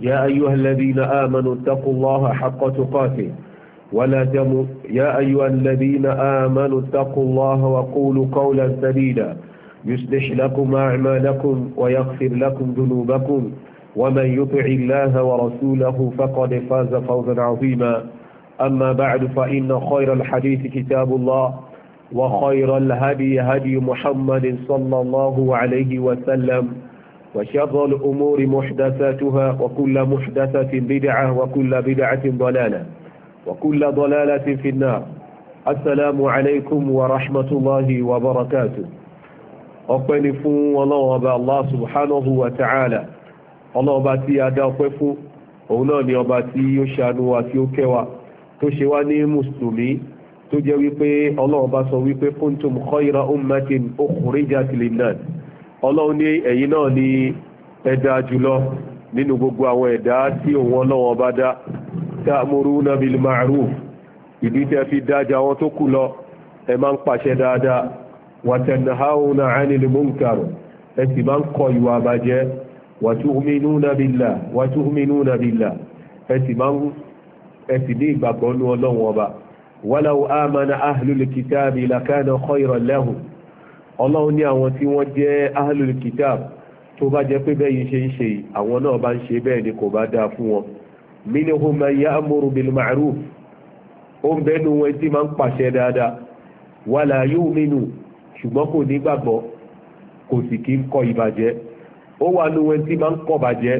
يا أيها الذين آمنوا اتقوا الله حق تقاته ولا تم يا أيها الذين آمنوا اتقوا الله وقولوا قولا سديدا يصلح لكم أعمالكم ويغفر لكم ذنوبكم ومن يطع الله ورسوله فقد فاز فوزا عظيما أما بعد فإن خير الحديث كتاب الله وخير الهدي هدي محمد صلى الله عليه وسلم وشر الأمور محدثاتها وكل محدثة بدعة وكل بدعة ضلالة وكل ضلالة في النار السلام عليكم ورحمة الله وبركاته ọpẹ́ni fún ọlọ́run ọba allah subhanahu wa ta'ala ọlọ́run ọba tí a dá ọpẹ́ fún òun náà ni ọba tí ó ṣàánú wa tí ó kẹwa tó ṣe wá ní mùsùlùmí tó jẹ́ wípé ọlọ́run ọba sọ wípé kuntum khayra ummatin ukhrijat lin-nas ọlọ́run ní ẹ̀yin náà ni ẹ̀dá jùlọ nínú gbogbo àwọn ẹ̀dá tí òun ọlọ́run ọba dá ta'muruna bil ma'ruf ìdí tẹ́ fi dájà wọn tó kù lọ ẹ máa ń pàṣẹ dáadáa wa tanhauna ẹ sì máa ń kọ ìwà àbàjẹ́ wa tu'minuna ọlọ́run ní àwọn tí wọ́n jẹ́ ahlul kitab tó bá jẹ́ pé bẹ́ẹ̀ yìí ṣe ń ṣe àwọn náà bá ń ṣe bẹ́ẹ̀ ni kò bá dáa fún wọn minhum man ya'muru bil ma'ruf ó ń bẹ́nu wọn tí máa ń pàṣẹ dáadáa wala yu'minu ṣùgbọ́n kò ní gbàgbọ́ kò sì kí ń kọ ìbàjẹ́ ó wà nu wọn tí máa ń kọ bàjẹ́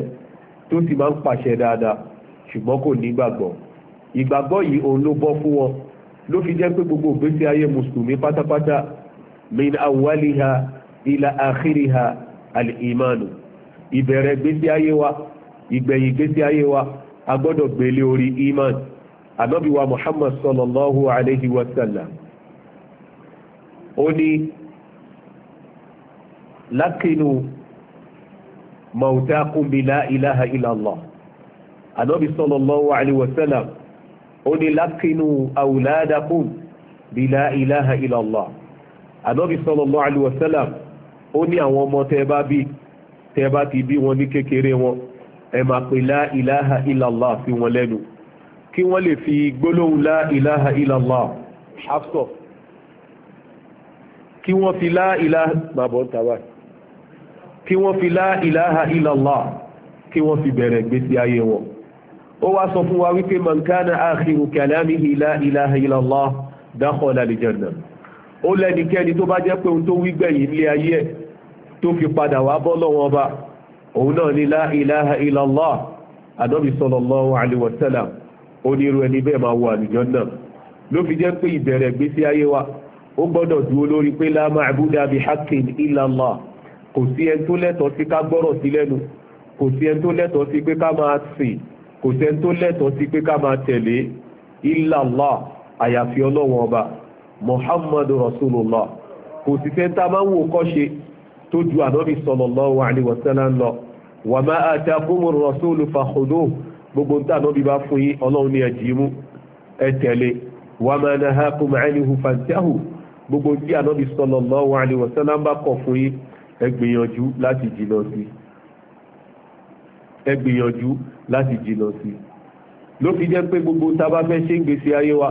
tó sì máa ń pàṣẹ dáadáa ṣùgbọ́n kò ní gbàgbọ́ ìgbàgbọ́ yìí òun ló bọ́ fún wọn ló fi jẹ́ pé gbogbo ìgbésí ayé mùsùlùmí pátápátá min awaliha ila akhiriha al-imanu ìbẹ̀rẹ̀ gbésí ayé wa ìgbẹ̀yìn gbésí ayé wa a gbọ́dọ̀ gbélé orí iman ànábì muhammad sallallahu alayhi wa sallam ó ní lákínú mawtakum bi la ilaha illallah ànábì sallallahu alayhi wa sallam ó ní lákínú awladakum bi la ilaha ànábì sallallahu alaihi wasallam ó ní àwọn ọmọ tẹ́ bá bí tẹ́ bá ti bí wọn ní kékeré wọn ẹ máa pè la ilaha illallah sí wọn lẹ́nu kí wọ́n lè fi gbólóhùn la ilaha illallah hafsọ kí wọ́n fi la ilaha bàbọ̀ tàbá kí wọ́n fi la ilaha illallah kí wọ́n fi bẹ̀rẹ̀ gbésí ayé wọn ó wá sọ fún wa wípé man kana akhiru kalamihi la ilaha illallah dakhala al ó lẹ́nikẹ́ni tó bá jẹ́ pé ohun tó wí gbẹ̀yìn ilé ayé ẹ̀ tó fi padà wá bọ́ lọ́wọ́ ọba òun náà ni la ilaha illallah adọ́bí sallallahu alaihi wasallam ẹni bẹ́ẹ̀ máa wọ àlùjánnà ló fi jẹ́ pé ìbẹ̀rẹ̀ gbésí ayé wa ó gbọ́dọ̀ dúró lórí pé la ma'buda haqqin illallah kò sí ẹni tó lẹ́tọ̀ọ́ sí ká gbọ́rọ̀ sí lẹ́nu kò sí ẹni tó lẹ́tọ̀ọ́ sí pé ká máa sìn kò sí ẹni tó lẹ́tọ̀ọ́ sí pé muhammadu rasulullah kò sì fẹ́ tá a máa ń wò kọ́ ṣe tó ju ànábì sallallahu alaihi lọ gbogbo ń bá fún ọlọ́run ní mú ẹ tẹ̀lé gbogbo tí ànábì sallallahu alaihi bá kọ̀ fún ẹ láti jìnà sí gbogbo tá a bá fẹ́ ṣe ń gbèsè ayé wa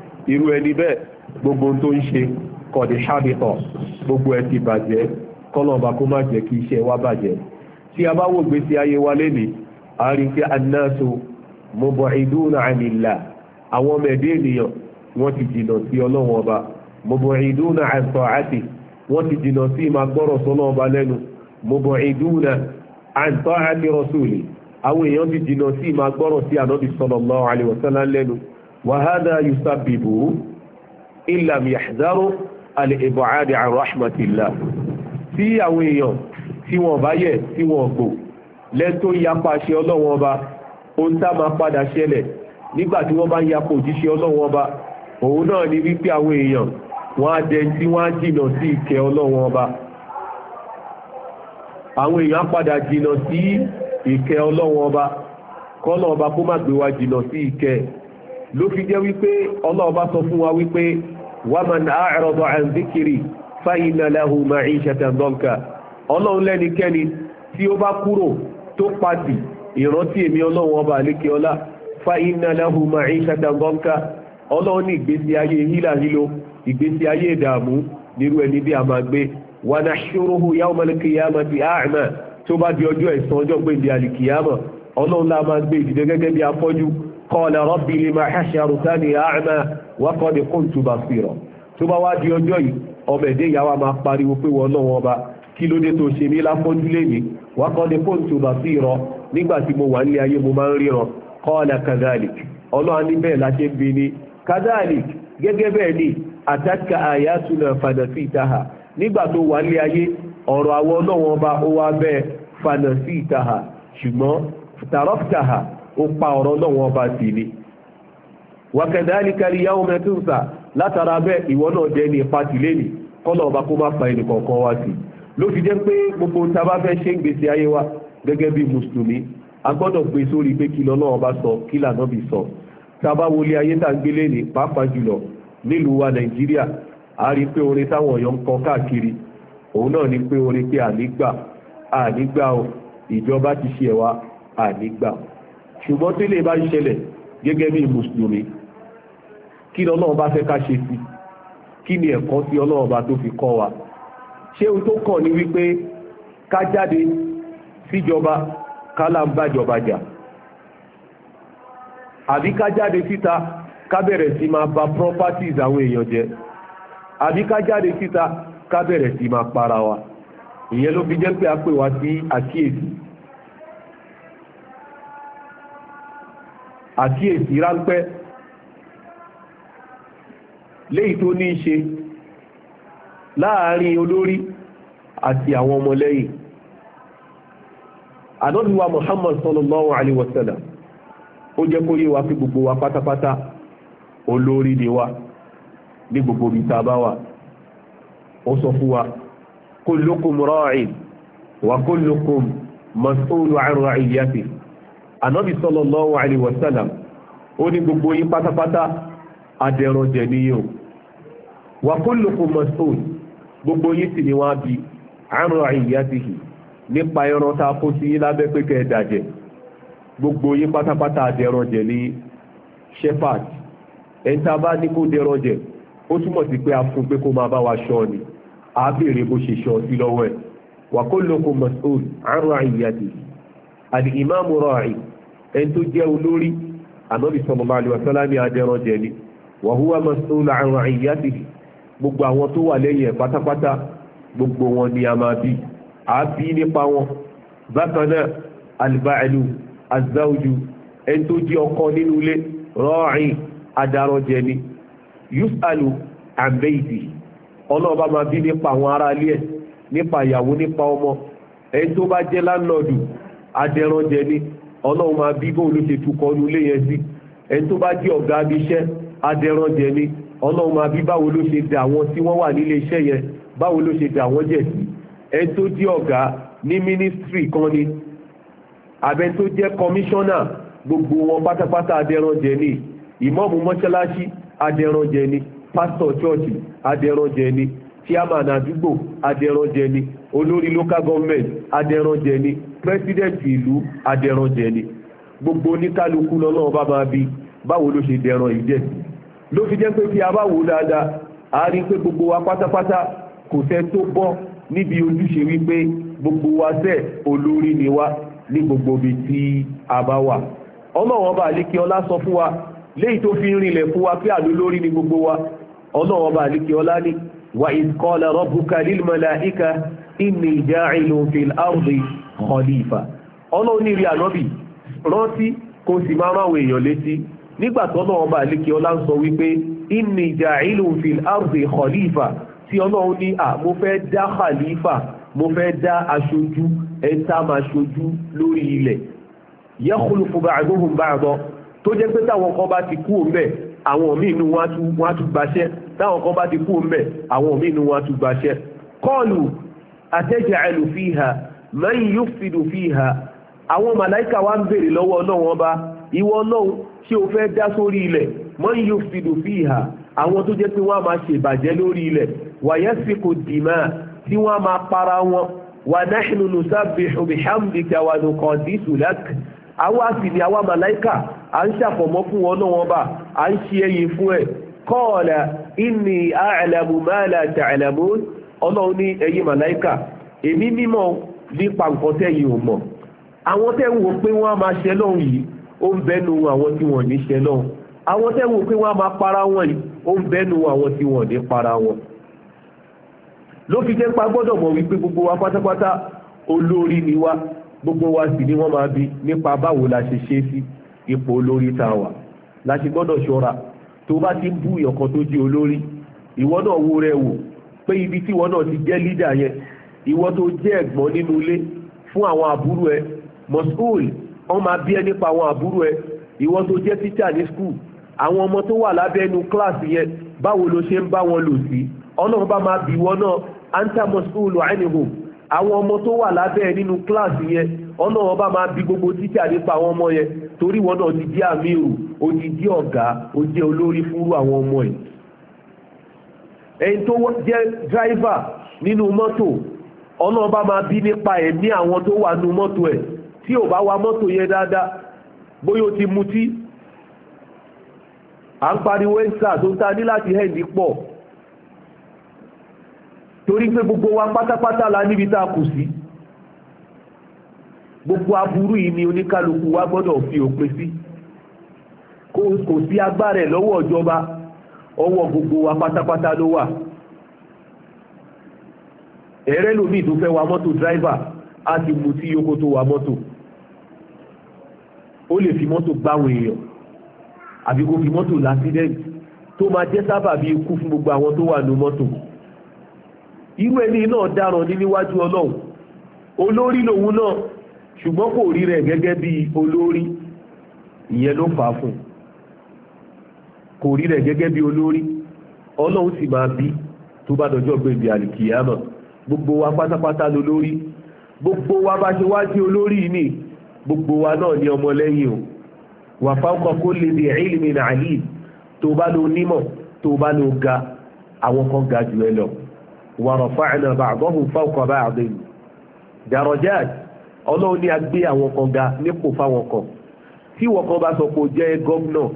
irú ẹni bẹ́ẹ̀ gbogbo tó ń ṣe kọ̀dí ṣábìtọ̀ gbogbo ẹ̀ ti bàjẹ́ kọ́lọ̀ọ̀bà kó má jẹ́ kí iṣẹ́ wa bàjẹ́ tí a bá wò gbé sí ayé wa lẹ́nìí a rí pé anáṣo mub'iduna 'anillah àwọn ọmọ ẹ̀dẹ́ ènìyàn wọ́n ti jìnà sí ọlọ́run ọba mub'iduna 'an ta'atihi wọ́n ti jìnà sí máa gbọ́rọ̀ sọ́nà ọba lẹ́nu mub'iduna 'an ta'ati rasuli àwọn èèyàn ti jìnà sí máa gbọ́rọ̀ sí ànábì sallallahu wàhádà yusabibu ilam yahzaru al-ibu'adi an rahmatillah tí àwọn èèyàn tí wọ́n bá yẹ̀ tí wọ́n gbò lẹ́tọ́ yapa ṣe ọlọ́wọ́n ọba ohun tá máa padà ṣẹlẹ̀ nígbà tí wọ́n bá ń yapa òjíṣẹ́ ọlọ́wọ́n ọba òun náà ni wípé àwọn èèyàn wọ́n á dẹ tí wọ́n á jìnà sí ìkẹ́ ọlọ́wọ́n ọba àwọn èèyàn á padà jìnà sí ìkẹ́ ọlọ́wọ́n ọba kọ́lọ́ ọba kó má gbé wa jìnà sí ìkẹ́ ẹ̀ ló fi jẹ́ wípé Ọlọ́run bá sọ fún wa wípé waman a'rada an dhikri fa inna lahu ma'ishatan danka ọlọ́run lẹ́nikẹ́ni tí ó bá kúrò tó pàtì ìrántí èmi ọlọ́run ọba àlékè ọlá fa inna lahu ma'ishatan danka ọlọ́run ní ìgbésí ayé hílàhílo ìgbésí ayé ìdààmú nírú ẹni bí a máa gbé wa a'ma قال ربي لما حشرتني أعمى وقد كنت بصيرا ثم وادي wá di ọjọ́ yìí ọmọ ẹ̀dẹ́ ìyàwó máa pariwo pé wọ́n náà wọ́n bá kí ló dé tó ṣe mí láfọ́jú lémi wákọ́ ni kuntu basira nígbà tí mo wà nílé ayé mo máa ń ríran qala kadhalik ọlọ́run ní bẹ́ẹ̀ la ṣe bi ni kadhalik gẹ́gẹ́ bẹ́ẹ̀ ni atatka ayatuna fanasitaha nígbà tó wà nílé ayé ọ̀rọ̀ àwọn ọlọ́wọ́n bá ó wá bẹ́ẹ̀ fanasitaha ṣùgbọ́n taraftaha ó pa ọ̀rọ̀ náà wọn bá sì ni wàkẹ̀dálíkà al-yawma tunsa látara bẹ́ẹ̀ ìwọ náà jẹ́ ní ipa tìlé nì kọ́nà ọba kó má pa ẹnì kọ̀ọ̀kan wá sí ló fi jẹ́ pé gbogbo ta bá fẹ́ ṣe ń gbèsè ayé wa gẹ́gẹ́ bí mùsùlùmí a gbọ́dọ̀ pé sórí pé kí lọ́nà ọba sọ kí lànà bí sọ ta bá wọlé ayé tá ń gbélé ní pàápàá jùlọ nílùú wa nàìjíríà a rí pé orin táwọn ọ̀yọ́ ń kọ káàkiri òun náà ni pé orin pé ànígbà ànígbà ìjọba ti ṣe ẹ̀wà ànígbà ṣùgbọ́n tí lè bá ṣẹlẹ̀ gẹ́gẹ́ bí mùsùlùmí kí ni ọlọ́run bá fẹ́ ká ṣe sí kí ni ẹ̀kọ́ tí ọlọ́run bá tó fi kọ́ wa ṣé ohun tó kàn ní wípé ká jáde síjọba kálá ń bájọba jà àbí ká jáde síta ká bẹ̀rẹ̀ sí máa ba properties àwọn èèyàn jẹ àbí ká jáde síta ká bẹ̀rẹ̀ sí máa para wa ìyẹn ló fi jẹ́ pé a pè wá sí àkíyèsí àkíyèsí ráńpẹ́ léyìí tó ní í ṣe láàárín olórí àti àwọn ọmọlẹ́yìn ànọ́bíwa Muhammad sallallahu alaihi wasallam ó jẹ́ kó yé wa fi gbogbo wa pátápátá olórí ni wa ní gbogbo ibi tá a bá wà ó sọ fún wa kullukum ra'in wa kullukum mas'ulun 'an ra'iyyatihi ànọ́bí sallallahu alaihi wasallam ó ní gbogbo yín pátápátá adẹ̀rọ̀jẹ̀ ni o wà kullukum gbogbo oyi sì ni wọ́n á àrùn àìyáṣìhì nípa ẹran tá kó sí lábẹ́ gbogbo yín pátápátá adẹ̀rọ̀jẹ̀ ni shepherd ẹ̀ńtà bá ní kó dẹ̀rọ̀jẹ̀ ó túmọ̀ sí a fún pé kó máa bá wa ṣọ́ ni a béèrè bó ṣe ṣọ́ sí lọ́wọ́ ẹ̀ wà kullukum mas'ul àrùn ẹni tó jẹ́ ànábì sallallahu alaihi wasallam ní adẹran jẹ ni wa huwa mas'ulun an ra'iyyatihi gbogbo àwọn tó wà lẹ́yìn ẹ̀ pátápátá gbogbo wọn ni a máa bí a bí nípa wọn bákan náà alibailu azawju ẹni tó jí ọkọ nínú ilé rọ́ọ̀rìn adarọ́jẹ ni yusalu ambeidi ọlọ́ọ̀bá máa bí nípa àwọn ará ilé ẹ̀ nípa ìyàwó nípa ọmọ ẹni tó bá jẹ́ láńlọ́ọ̀dù adẹranjẹ ni ọlọ́run máa bí bóun ló ṣe tukọ̀ ọnu ilé yẹn sí ẹni tó bá jẹ́ ọ̀gá ibi iṣẹ́ adẹranjẹ ni ọlọ́run máa bí báwo ló ṣe dà wọ́n tí wọ́n wà nílé iṣẹ́ yẹn báwo ló ṣe dà wọ́n jẹ̀ sí ẹni tó jẹ́ ọ̀gá ní mínísítírì kan ni abẹ tó jẹ́ kọmíṣánná gbogbo wọn pátápátá adẹranjẹ ni ìmọ̀ọ̀mù mọ́ṣáláṣí adẹranjẹ ni pásítọ̀ chọ́ọ̀chì adẹranjẹ ni chairman àdúgbò adẹranjẹ ni olórí local government adẹranjẹ ni pírẹsidẹ̀ntì ìlú adẹranjẹ ni gbogbo oníkálukú lọ́nà ọba máa bi báwo ló ṣe dẹran ìjẹ́ ló fi jẹ́ pé kí a bá wò dáadáa a rí pé gbogbo wa pátápátá kò sẹ́ tó bọ́ níbi ojúṣe wípé gbogbo wa sẹ́ olórí ni wa ní gbogbo ibi tí a bá wà ọmọ wọn bá àlékè ọlá sọ fún wa léyìí tó fi ń rinlẹ̀ fún wa pé àlólórí ni gbogbo wa ọmọ wọn bá àlékè ọlá ní wa idh qala rabbuka lil malaika inni ja'ilun fil kọlífà ọlọ́run ní rí ànọ́bì rántí kó sì máa máa wọ èèyàn létí nígbà tó náà ọba àlékè ọlá ń sọ wípé inni ja'ilun fil ardi kọlífà tí ọlọ́run ní à mo fẹ́ dá kàlífà mo fẹ́ dá aṣojú ẹ̀ta máa ṣojú lórí ilẹ̀ yakhlufu ba'duhum ba'dan tó jẹ́ pé táwọn kan bá ti kú òun àwọn míì nu wọn á tún gbaṣẹ́ táwọn kan bá ti kú òun àwọn míì nu wọn á tún gbaṣẹ́ kọ́ọ̀lù ataj'alu fiha man yufsidu fiha àwọn màláìkà wa ń béèrè lọ́wọ́ ọlọ́run ọba ìwọ ọlọ́run ṣé o fẹ́ dá sórí ilẹ̀ man yufsidu fiha àwọn tó jẹ́ pé wọ́n á máa ṣèbàjẹ́ lórí ilẹ̀ wa yasfiku dìímà tí wọ́n á máa para wọn wa nahnu nusabbihu bihamdika wa nuqaddisu lak àwa sì ni àwa màláìkà à ń ṣàfọ̀mọ́ fún ọlọ́wọ́n bá à ń ṣe ẹ̀yìn fún ẹ̀ qala inni a'lamu ma la ta'lamun ọlọ́run ní ẹ̀yin màláìkà èmi mímọ̀ nípa nǹkan tẹ́yìn ò mọ̀ àwọn tẹ́ ń wò pé wọ́n á máa ṣe lọ́hùn yìí ó ń bẹ́nu àwọn tí wọ́n ní ṣe lọ́hùn àwọn tẹ́ ń wò pé wọ́n á máa para wọn yìí ó ń bẹ́nu àwọn tí wọ́n ní para wọn. ló fi jẹ́ pa gbọ́dọ̀ mọ̀ wípé gbogbo wa pátápátá olórí ni wa gbogbo wa sì ni wọ́n máa bi nípa báwo la ṣe ṣe sí ipò olórí tá a wà la ṣe gbọ́dọ̀ ṣọ́ra tó bá ti bú ìyọ̀kan tó jẹ́ olórí ìwọ náà wo rẹ wò pé ibi tí ìwọ náà ti jẹ́ lídà yẹn ìwọ tó jẹ́ ẹ̀gbọ́n nínú ilé fún àwọn àbúrò ẹ mọ̀súùl wọ́n máa bí ẹ nípa àwọn àbúrò ẹ ìwọ tó jẹ́ tíṣà ní skul àwọn ọmọ tó wà lábẹ́ kíláàsì yẹn báwo ló ṣe ń bá wọn lò sí ọlọ́run bá máa bí wọn náà anta mọ̀súùl ẹnìhùn àwọn ọmọ tó wà lábẹ́ ẹ nínú kíláàsì yẹn ọlọ́run bá máa bí gbogbo tíṣà nípa àwọn ọmọ yẹn torí wọn náà ti jẹ́ àmì ìrù ó ti jẹ́ ọ̀gá ó jẹ́ ẹni tó jẹ́ dráìvà nínú mọ́tò ọlọ́run bá máa bí nípa ẹ̀mí àwọn tó wà nú mọ́tò ẹ̀ tí ò bá wa mọ́tò yẹn dáadáa bóyá ó ti mutí à ń pariwo ẹ́ńsà tó ń ta ní láti hẹ́ǹdì pọ̀ torí pé gbogbo wa pátápátá la níbi tá a kù sí gbogbo aburú yìí ni oníkálukú wa gbọ́dọ̀ fi òpin sí kò sí agbára ẹ̀ lọ́wọ́ ìjọba ọwọ́ gbogbo wa pátápátá ló wà ẹ̀rẹ́ lómi tó fẹ́ wa mọ́tò dráìvà á ti mú tí yókó tó wa mọ́tò ó lè fi mọ́tò gbáwọn èèyàn àbí kó fi mọ́tò lásídẹ́ǹtì tó máa jẹ́ sábà bí ikú fún gbogbo àwọn tó wà ní mọ́tò irú ẹni náà dáràn ní níwájú ọlọ́run olórí lòun náà ṣùgbọ́n kò rí rẹ̀ gẹ́gẹ́ bí olórí ìyẹn ló fà á fún kò rí rẹ̀ gẹ́gẹ́ bí olórí ọlọ́run sì máa bí tó bá dọjọ́ gbèbè àlìkìyàmọ̀ gbogbo wa pátápátá ló lórí gbogbo wa bá ṣe wá sí olórí ni gbogbo wa náà ní ọmọlẹ́yìn o wà fáwọn kó lè di ìlmi nàálì tó bá ló nímọ̀ tó bá ló ga àwọn kan ga jù ẹ lọ wà rafa'na ba'dahum fawqa ba'din darajat ọlọ́run ní a gbé àwọn kan ga nípò fáwọn kan tí wọ́n kan bá sọ pé ó jẹ́ gọ́vnọ̀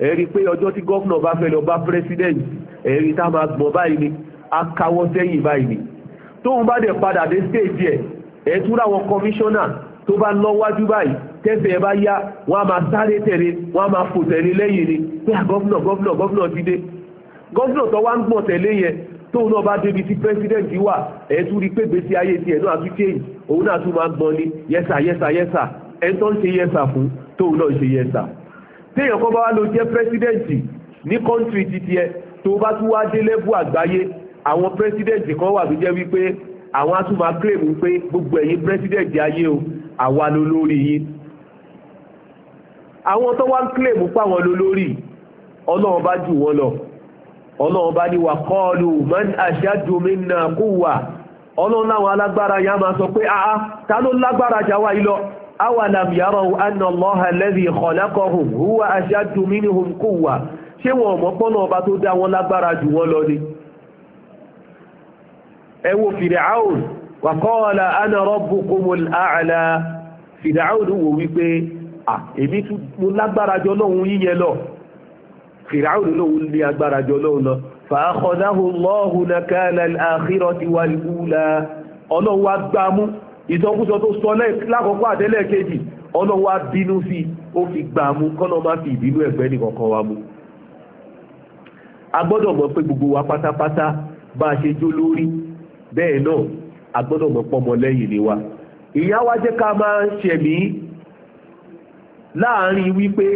ẹ rí i pé ọjọ́ tí gọ́vnọ̀ bá fẹ́ lọ bá pírẹ́sídẹ̀ǹtì ẹ rí i tá a máa gbọ̀n báyìí ni a káwọ́ sẹ́yìn báyìí ni tóun bá dẹ̀ padà dé stage ẹ̀ ẹ̀ tún ráwọn kọmíṣọ́nà tó bá lọ wájú báyìí tẹ́sẹ̀ ẹ bá yá wọ́n á máa sáré tẹ̀lé wọ́n á máa fò tẹ̀lé lẹ́yìn ni pé à gọ́vnà gọ́vnà gọ́vnà ti dé gọ́vnà tó wá ń gbọ̀n tẹ̀lé yẹn tóun náà bá débi tí president wà ẹ̀ tún rí pé gbèsè ayé tiẹ̀ náà tún kéyìn òun náà tún máa gbọ́n ni yẹ́sà yẹ́sà yẹ́sà ẹ̀ tó ń ṣe yẹ́sà fún tóun náà ṣe yẹ́sà téèyàn kan bá wá lọ jẹ́ president ní country titi ẹ tó bá tún wá dé lẹ́bù àgbáyé àwọn pírẹsidẹ̀ntì kan wà tó jẹ́ wípé àwọn á tún máa claim wípé gbogbo ẹ̀yin pírẹsidẹ̀ntì ayé o àwa ló lórí yín àwọn tó wá ń claim páwọn ló lórí ọlọ́run bá jù wọ́n lọ ọlọ́run bá ní wà kọ́ọ̀lù man ashaddu minna quwwa ọlọ́run láwọn alágbára yà máa sọ pé àá ta ló lágbára jà wá ilọ awalam yaraw anna Allaha alladhi khalaqahum huwa ashaddu minhum quwwa ṣé wọn ò mọ̀ pọ́nà ọba tó dá wọn lágbára jù wọ́n lọ ni ẹ wo Fir'aun wa qala ana rabbukumul a'la Fir'aun wò wípé èmi tún mo lágbára jọ lọ́hun yíyẹ lọ Fir'aun lóhun ní agbára jọ lọ́hun lọ fa akhadahu Allahu nakala al-akhirati wal-ula ọlọ́run wá gbámú ìsọkúsọ tó sọ lákọ̀ọ́kọ́ àtẹ́lẹ̀ kejì ọlọ́run wá mọ̀ pé gbogbo wa pátápátá bá ṣe jó lórí bẹ́ẹ̀ náà a gbọ́dọ̀ mọ̀ pọ́mọ lẹ́yìn ni wa ìyá wa jẹ́ ká máa ń ṣẹ̀mí láàrin wípé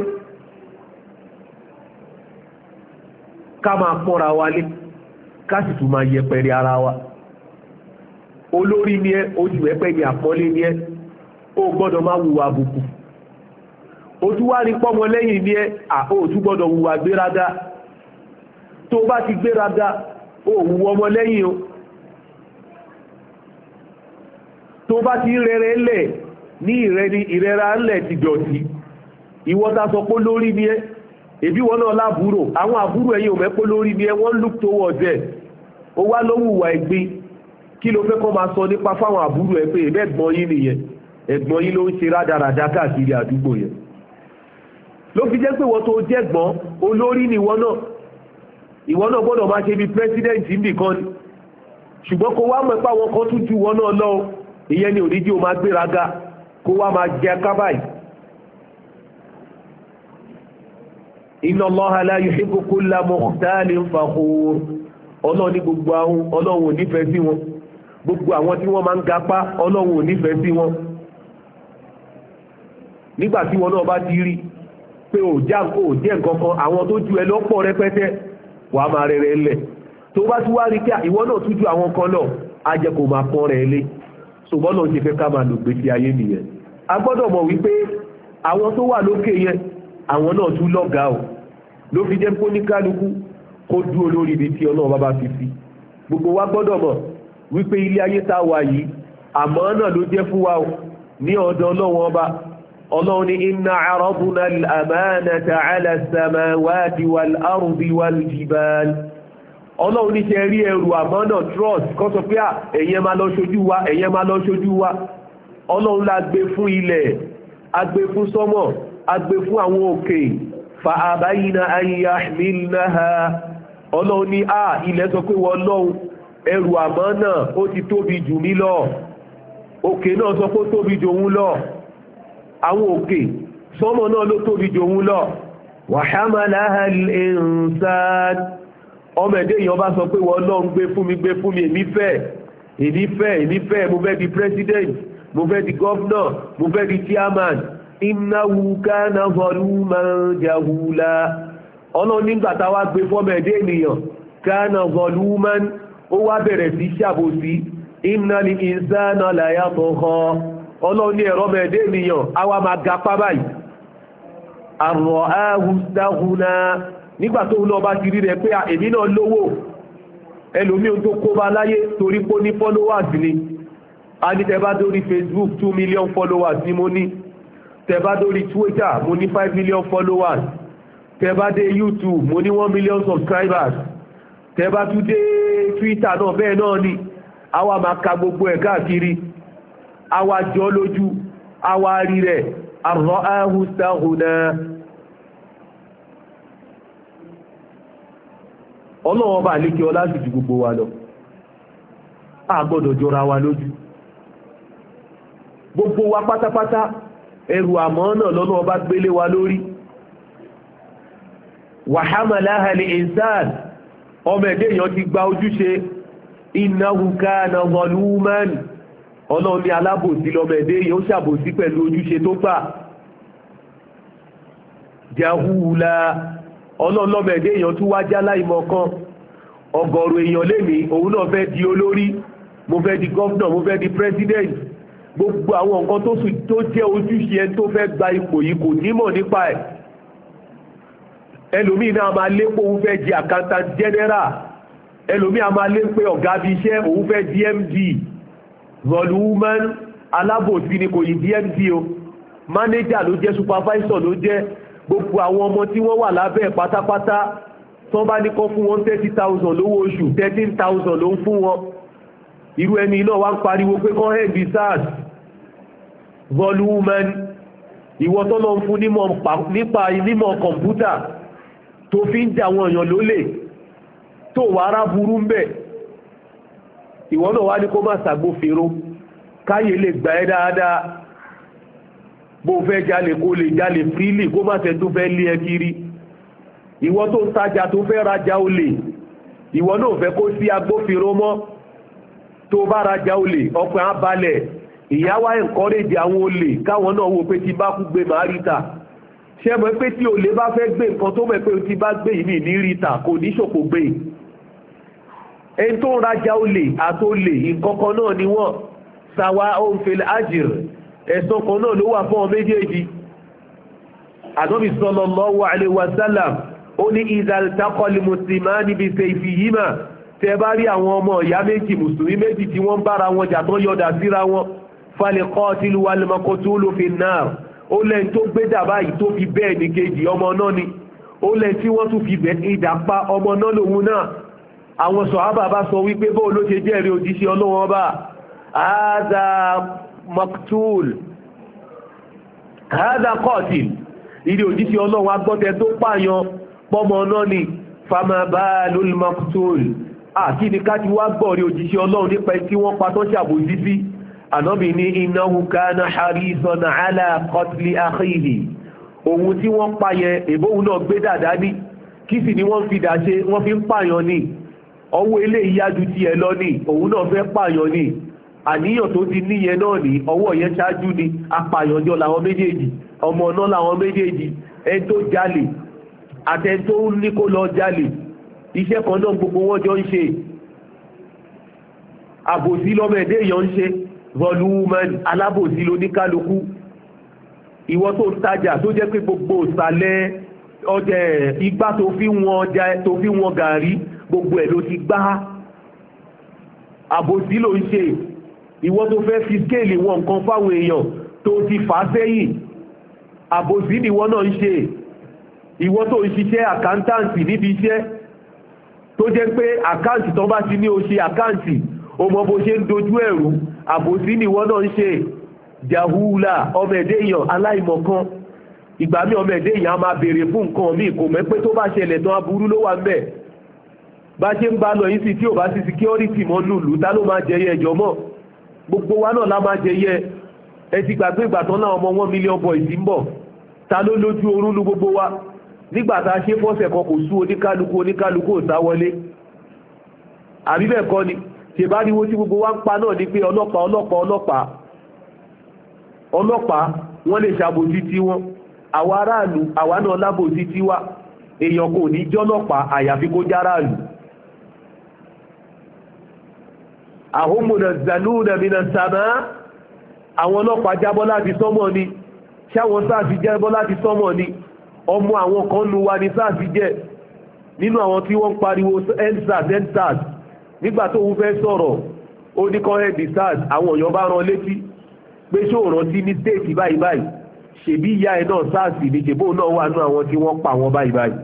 ká máa pọ́nra wa lé ká sì tún máa yẹpẹrẹ ara wa olórí ni ẹ ojú ẹ̀pẹ́ ni àpọ́nlé ni ẹ ó gbọ́dọ̀ máa wùwà wá ní ni ẹ gbọ́dọ̀ wùwà gbéraga tó bá ti gbéraga ó lẹ́yìn o tó bá ti rẹrẹ lẹ̀ ní ìrẹni ìrẹra lẹ̀ ti dọ̀tí ìwọ́ta sọ pé lórí ni ẹ́ èbí wọn náà láàbúrò àwọn àbúrò ẹ̀yìn òmẹ́ pé lórí ni ẹ wọ́n look towards ẹ̀ ó wá ló wùwà ẹ̀gbin kí ló fẹ́ kọ́ máa sọ nípa fáwọn àbúrò ẹ pé ẹ̀bẹ́ ẹ̀gbọ́n yín nìyẹn ẹ̀gbọ́n yín ló ń ṣe rádaràdá káàkiri àdúgbò yẹn ló fi jẹ́ pé wọ́n tó jẹ́ olórí ni wọ́n náà ìwọ náà gbọ́dọ̀ máa ṣe bí president nìkan ṣùgbọ́n kó wá mọ̀ pé àwọn kan tún ju wọn náà lọ́wọ́ ìyẹn ni òní jí o máa gbéraga kó wá máa jẹ kábàáyì inna Allaha la yuhibbu kulla mukhtalin fakhur ọlọ́run ní gbogbo àwọn ọlọ́run ò nífẹ̀ẹ́ sí wọn gbogbo àwọn tí wọ́n máa ń gapá ọlọ́run ò nífẹ̀ẹ́ sí wọn nígbà tí wọn náà bá ti rí pé ò já kó ò jẹ́ nǹkan àwọn tó ju ẹ rẹpẹtẹ wàá máa rẹ̀ lẹ̀ tó bá tún wá rí pé ìwọ náà tún ju àwọn kan lọ á jẹ́ máa pọ́n rẹ̀ lé ṣùgbọ́n náà ṣe fẹ́ ká máa lò gbé sí ayé nìyẹn a gbọ́dọ̀ mọ̀ wípé àwọn tó wà lókè yẹn àwọn náà tún lọ́gàá o ló fi jẹ́ kó ní kálukú kó dúró lórí ibi tí ọlọ́run bá fi sí gbogbo wa gbọ́dọ̀ mọ̀ wípé ilé ayé tá a wà yìí àmọ́ náà ló jẹ́ fún wa o ní ọ̀dọ̀ ọlọ́run ọba ọlọ́run ní inna aradna al-amanata ala as-samawati wal ọlọ́run ní ṣe rí ẹrù àmọ́nà trust kọ́ sọ pé ẹ̀yẹn máa lọ ṣojú wa ẹ̀yẹn máa lọ ṣojú wa ọlọ́run la gbé fún ilẹ̀ a gbé fún sọ́mọ̀ a gbé fún àwọn òkè fa àbáyínà ayíyá mílíọ̀nà ọlọ́run ní à ilẹ̀ sọ pé wọ́n lọ́hùn ẹrù àmọ́nà ó ti tóbi jù mí lọ òkè náà sọ pé ó tóbi jù òun lọ àwọn òkè sọ́mọ̀ náà ló tóbi jù òun lọ wàhámàláhà ìnsán ọmọ ẹ̀dẹ́ èèyàn bá sọ pé wọ́n lọ́n gbé fún mi gbé fún mi èmi fẹ́ èmi fẹ́ èmi fẹ́ mo fẹ́ di president mo fẹ́ di governor mo fẹ́ di chairman innahu kana zaluman jahula ọlọ́run nígbà tá a wá gbé fọ́mọ ẹ̀dẹ́ ènìyàn kana zaluman ó wá bẹ̀rẹ̀ sí ṣàbòsí innal insana la yatgha ọlọ́run ní ẹ̀rọ ọmọ ẹ̀dẹ́ ènìyàn á wá máa gapá báyìí àrùn ọ̀hún nígbà tó lọ bá ti rí rẹ̀ pé èmi náà lówó ẹlòmí o tó kó bá láyé torí pó ní followers ni a ní tẹ́bá dórí Facebook two million followers ni mo ní tẹ́bá dórí Twitter mo ní five million followers tẹ́bá dé YouTube mo ní one million subscribers tẹ́bá tún dé Twitter náà bẹ́ẹ̀ náà ni àwa máa ka gbogbo ẹ̀ káàkiri àwa jọ lójú àwa rí rẹ̀ àrọ́ ahùsàhùnà ọlọ́wọ́n bá lékè ọlá sì ju gbogbo wa lọ a gbọ́dọ̀ jọra wa lójú gbogbo wa pátápátá ẹrù àmọ́ náà lọ́nà ọba gbélé wa lórí wàhámàláhàlì ìsáàn ọmọ ẹ̀dẹ́ èèyàn ti gba ojúṣe innahu kana zaluman ọlọ́run ní alábòsí lọ́mọ ẹ̀dẹ́ èèyàn ó ṣàbòsí pẹ̀lú ojúṣe tó gbà jahula ọlọ́ọ̀lọ́mọ ẹ̀dẹ́ èèyàn tún wá já láìmọ̀ kan ọ̀gọ̀rọ̀ èèyàn lémi òun náà fẹ́ di olórí mo fẹ́ di gọ́fúnà mo fẹ́ di president gbogbo àwọn nǹkan tó sùn tó jẹ́ ojúṣe ẹ tó fẹ́ gba ipò yìí kò nímọ̀ nípa ẹ̀ ẹlòmíì náà máa lé pé òun fẹ́ di accountant general ẹlòmíì máa lé pé ọ̀gá bíi iṣẹ́ òun fẹ́ di md voluman alábòsí ni kò yí di md o manager ló jẹ́ supervisor ló jẹ́ gbogbo àwọn ọmọ tí wọ́n wà lábẹ́ pátápátá tán bá ní kọ́ fún wọn thirty thousand lówó oṣù thirteen thousand ló ń fún wọn irú ẹni náà wá ń pariwo pé kọ́ hẹ́ẹ̀bì sars volumen ìwọ tó lọ ń fún nípa nímọ̀ kọ̀ǹpútà tó fi ń jà àwọn èèyàn lólè tó wà ará burú ń bẹ̀ ìwọ náà wá ní kó má ṣàgbófinró káyé lè gbà ẹ́ dáadáa bó fẹ́ jalè kó lè jalè frílì kó má ṣe tó fẹ́ lé ẹ kiri ìwọ tó ń tajà tó fẹ́ rajà olè ìwọ náà fẹ́ kó sí agbófinró mọ́ tó bá rajà olè ọkàn á balẹ̀ ìyá wa encourage àwọn olè káwọn náà wo pé ti bá kú gbé màá ríta ṣé mọ̀ pé tí olè bá fẹ́ gbé nǹkan tó mọ̀ pé ti bá gbé yìí ní ríta kò ní ṣòkò gbé ẹni tó ń rajà olè àtolè nǹkan kan náà ni wọ́n sàwa òǹfẹ̀lẹ̀ àjìrì ẹ̀sùn kan náà ló wà fún ọ méjèèjì ànábì sallallahu alaihi wasallam ó ní ìdàlítàkọ́lì muslimani bi sayfihima tẹ bá rí àwọn ọmọ ìyá méjì mùsùlùmí méjì tí wọ́n bára wọn jà tó yọ̀dà síra wọn falqatilu wal maqtulu fin nar ó lẹ́yìn tó gbé dàbá yìí tó fi bẹ́ẹ̀ ní kejì ọmọ náà ni ó lẹ́yìn tí wọ́n tún fi bẹ̀ ìdà pa ọmọ náà lòun náà àwọn sọ̀hábà bá sọ wípé bóò ló ṣe jẹ́rìí òjíṣẹ́ ọlọ́wọ́n bá maktul hada qatil ilé òjísí ọlọ́run agbọ́tẹ tó pààyàn pọ́mọ náà ni fama baalul maktul àti ní ká ti wá gbọ́ọ̀rí òjísí ọlọ́run nípa tí wọ́n pa tó ṣàbòsí sí ànábì ní innahu kana harisan ala qatli akhihi òun tí wọ́n pa yẹn èbóhun náà gbé dàdá ní kí sì ni wọ́n fi dà ṣe wọ́n fi ń pààyàn ni ọwọ́ eléyìí yájú tiẹ̀ lọ ni òun náà fẹ́ pààyàn ni àníyàn tó ti níyẹn náà ní ọwọ́ yẹn ṣáájú ni apàyànjọ làwọn méjèèjì ọmọ ọ̀nà làwọn méjèèjì ẹni tó jalè àtẹni tó ní kó lọ jalè iṣẹ́ kan náà gbogbo wọn jọ ń ṣe àbòsí lọ́mọ ẹ̀dẹ́ èèyàn ń ṣe volumen alábòsí lóníkálukú ìwọ tó ń tajà tó jẹ́ pé gbogbo ìsàlẹ̀ ọjà igbá tó fi wọn ọjà tó fi wọn gàrí gbogbo ẹ̀ ló ti gbá àbòsí ló ń ṣe ìwọ tó fẹ́ fi scale wọn nǹkan fáwọn èèyàn tó ti fà á sẹ́yìn àbòsí nìwọ náà ń ṣe ìwọ tó ń ṣiṣẹ́ àkántàǹtì níbi iṣẹ́ tó jẹ́ pé àkáǹtì tó bá ti ní o ṣe àkáǹtì o mọ bó ṣe ń dojú ẹ̀rú àbòsí nìwọ náà ń ṣe jahula ọmọ ẹ̀dẹ́ èèyàn aláìmọ̀kan ìgbà mi ọmọ ẹ̀dẹ́ èèyàn a máa béèrè fún nǹkan mi kò mẹ́ pé tó bá ṣẹlẹ̀ tán aburú ló wà ń bẹ̀ bá ṣe ń bá lọ yín sí tí ò bá sí security mọ́ nùlù ta ló máa jẹyẹ ẹ̀jọ̀ mọ́ gbogbo wa náà la máa jẹ yẹ ẹ ti gbàgbé ìgbàtàn náà ọmọ wọn million boys ń bọ̀ ta ló lójú oorun lu gbogbo wa nígbà tá a ṣe fọ́sẹ̀ kan kò sú oníkálukú oníkálukú ò wọlé àbí bẹ́ẹ̀ kọ́ ni ṣèbáriwo tí gbogbo wa ń pa náà ni pé ọlọ́pàá ọlọ́pàá ọlọ́pàá ọlọ́pàá wọ́n lè ṣàbòsí tí wọ́n àwa aráàlú àwa náà lábòsí tí wá èèyàn kò ní jọ́lọ́pàá àyàfi kó járáàlú àhómùnà zanúnà mìíràn sàmà àwọn ọlọ́pàá jábọ́ láti sọ́mọ̀ ni ṣáwọn sáàfi jábọ́ láti sọ́mọ̀ ni ọmọ àwọn kan nu wa ni sáàfi jẹ́ nínú àwọn tí wọ́n ń pariwo endsars endsars nígbà tó ń fẹ́ sọ̀rọ̀ ó ní kọ́ head stars àwọn èèyàn bá ran létí pé ṣó rántí ní stéètì báyìí báyìí ṣèbí ìyá ẹ náà sars ní ṣèbó náà wà nú àwọn tí wọ́n pa àwọn báyìí báyìí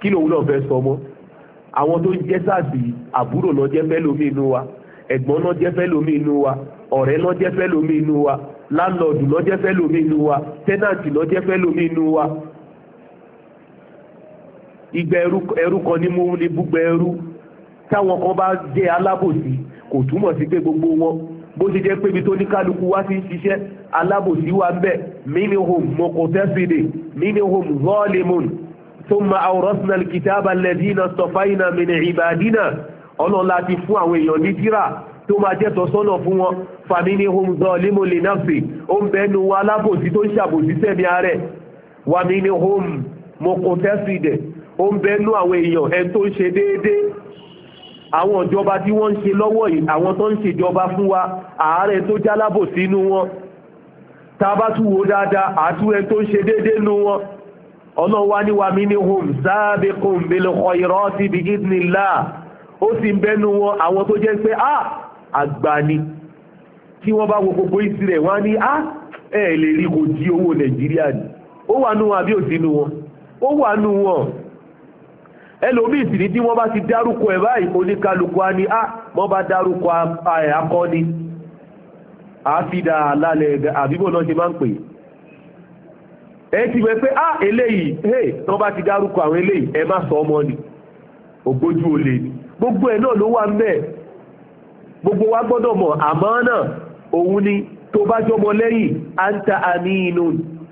kí lòun náà fẹ́ sọ àwọn tó ń jẹ́ sáàsì àbúrò náà jẹ́ fẹ́lómi inú wa ẹ̀gbọ́n náà jẹ́ fẹ́lómi inú wa ọ̀rẹ́ náà jẹ́ fẹ́lómi inú wa láńlọ́ọ̀dù náà jẹ́ fẹ́lómi inú wa tẹ́nàtì náà jẹ́ fẹ́lómi inú wa ìgbà ẹrú kan ní mú ní gbúgbẹ ẹrú táwọn kan bá jẹ́ alábòsí kò túmọ̀ sí pé gbogbo wọn bó ṣe jẹ́ pé ibi tó ní kálukú wá sí ṣiṣẹ́ alábòsí wa ń bẹ minihum mokotesidin minihum zolimun ثم أورثنا الكتاب الذين اصطفينا من عبادنا ọlọ́run láti fún àwọn èèyàn ní tírà tó máa jẹ́ tọ́sọ́nà fún wọn fàmíní ohun zalimun li nafsi ó ń bẹnu wa alábòsí tó ń ṣàbòsí sẹ́mi ààrẹ wàmíní ohun mọ̀kọ̀tẹ́sìdẹ̀ ó ń bẹnu àwọn èèyàn ẹ tó ń ṣe déédéé àwọn ìjọba tí wọ́n ń ṣe lọ́wọ́ yìí àwọn tó ń ṣèjọba fún wa ààrẹ tó jálábòsí nú wọn tá a bá tún wo dáadáa àtúwẹ́ tó ń ṣe déédéé nú wọn ọlọ́wà ní wà mí ní hùm sáàbẹ̀kùn bílọ̀kọ̀ ìrọ́ ti bí ìdínlá ó sì ń bẹ́nu wọn àwọn tó jẹ́ pé ah, àgbà ni kí wọ́n bá wo gbogbo ìsirẹ̀ wọ́n ní ah, ẹ̀ lè rí kò jí owó nàìjíríà ni ó wà nú wọn àbí ò sínú wọn ó wà nú wọn ẹlòmíì sì ní tí wọ́n bá ti dárúkọ ẹ̀ báyìí oníkálukú á ní á ah, wọ́n bá dárúkọ akọni àáfídà àlálẹ̀ àbíbò náà ṣe máa ń pè é ẹ ti wẹ pé á ah, eléyìí hey tó bá ti dárúkọ àwọn eléyìí ẹ má sọ ọmọ ni ògbójú olè ni gbogbo ẹ náà ló wà ń bẹ gbogbo wa gbọ́dọ̀ mọ̀ àmọ́ náà òun ni tó bá jọmọ lẹ́yìn à ń ta àmì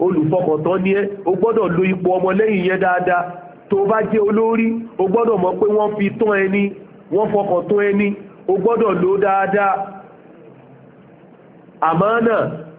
olùfọkàntán ni ẹ o gbọ́dọ̀ lo ipò ọmọ lẹ́yìn yẹn dáadáa tó bá jẹ́ olórí o gbọ́dọ̀ mọ̀ pé wọ́n fi tán ẹni wọ́n fọkàn tán ẹni o gbọ́dọ̀ lo dáadáa àmọ́ náà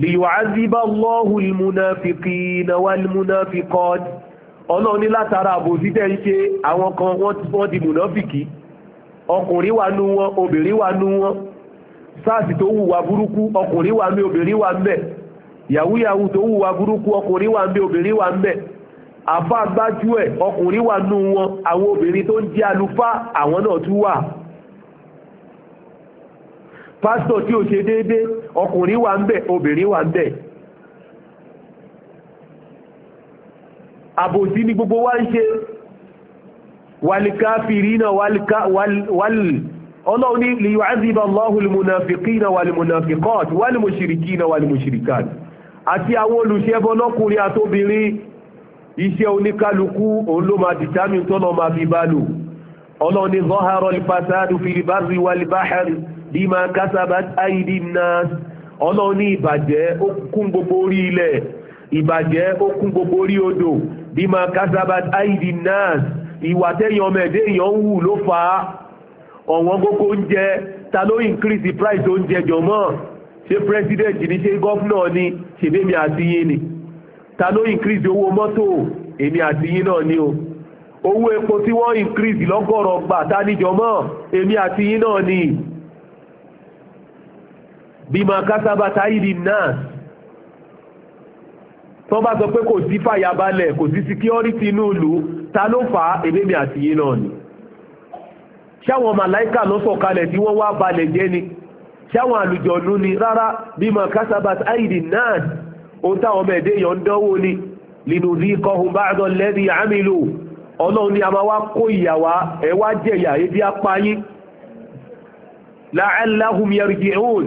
liyu'adhiba الله المنافقين والمنافقات wal-munafiqat ọlọ́run ní látara àbòsí tẹ́ ń ṣe àwọn kan wọ́n ti mùnáfìkì ọkùnrin wà nú wọn obìnrin wà nú wọn sáàsì tó wùwà burúkú ọkùnrin wà ńbẹ̀ obìnrin wà ńbẹ̀ yàwúyàwú tó wùwà burúkú ọkùnrin wà ńbẹ̀ obìnrin wà ńbẹ̀ àfa gbájú ẹ̀ ọkùnrin wà nú wọn àwọn obìnrin tó ń jẹ́ àlùfáà àwọn náà tún wà pásítọ̀ tí ò ṣe déédé ọkùnrin wà ń bẹ̀ obìnrin wà ń bẹ̀ àbòsí ni gbogbo wa ń ṣe wàlìkáfìrínà wàlì ọlọ́run ní iṣẹ́ oníkálukú òun ló máa dìtámì tọ́nà máa fi bá lò ọlọ́run ní zọ́hárọ̀ lìfàṣádù fìlìbárì wàlìbáhárì bímá kásábàt àìdí náà ọlọ́run ní ìbàjẹ́ ó kún gbogbo orí ilẹ̀ ìbàjẹ́ ó kún gbogbo orí odò bímá kásábàt àìdí náà ìwà tẹ́yàn ọmọ ẹ̀dẹ́ èèyàn wù ló fà ọ̀wọ́n gógó oúnjẹ ta ló increase price oúnjẹ jọ̀mọ́ ṣé president ni ṣé gọ́fúnà ni ṣèbémi àti yín ni ta ló increase owó mọ́tò èmi àti yín náà ni o owó epo tí wọ́n increase lọ́gọ́rọ̀ gbà ta níjọmọ́ èmi àti yín náà ni bímọ kásábà táyìrì náà tó bá sọ pé kò sí fàyàbalẹ̀ kò sí síkíọ́rítì inú ìlú ta ló fà á ebémi àti yé náà ni ṣáwọn màláìkà ló sọ̀kalẹ̀ tí wọ́n wá balẹ̀ jẹ́ ni ṣáwọn àlùjọ̀nú ni rárá bímọ kásábà táyìrì náà ohun táwọn ọmọ ẹ̀dẹ́ yọ̀ dánwò ni linudhiqahum ba'da alladhi 'amilu ọlọ́run ni a máa wá kó ìyàwó ẹ̀wá jẹ̀yà ebi apáyín la'allahum yarji'un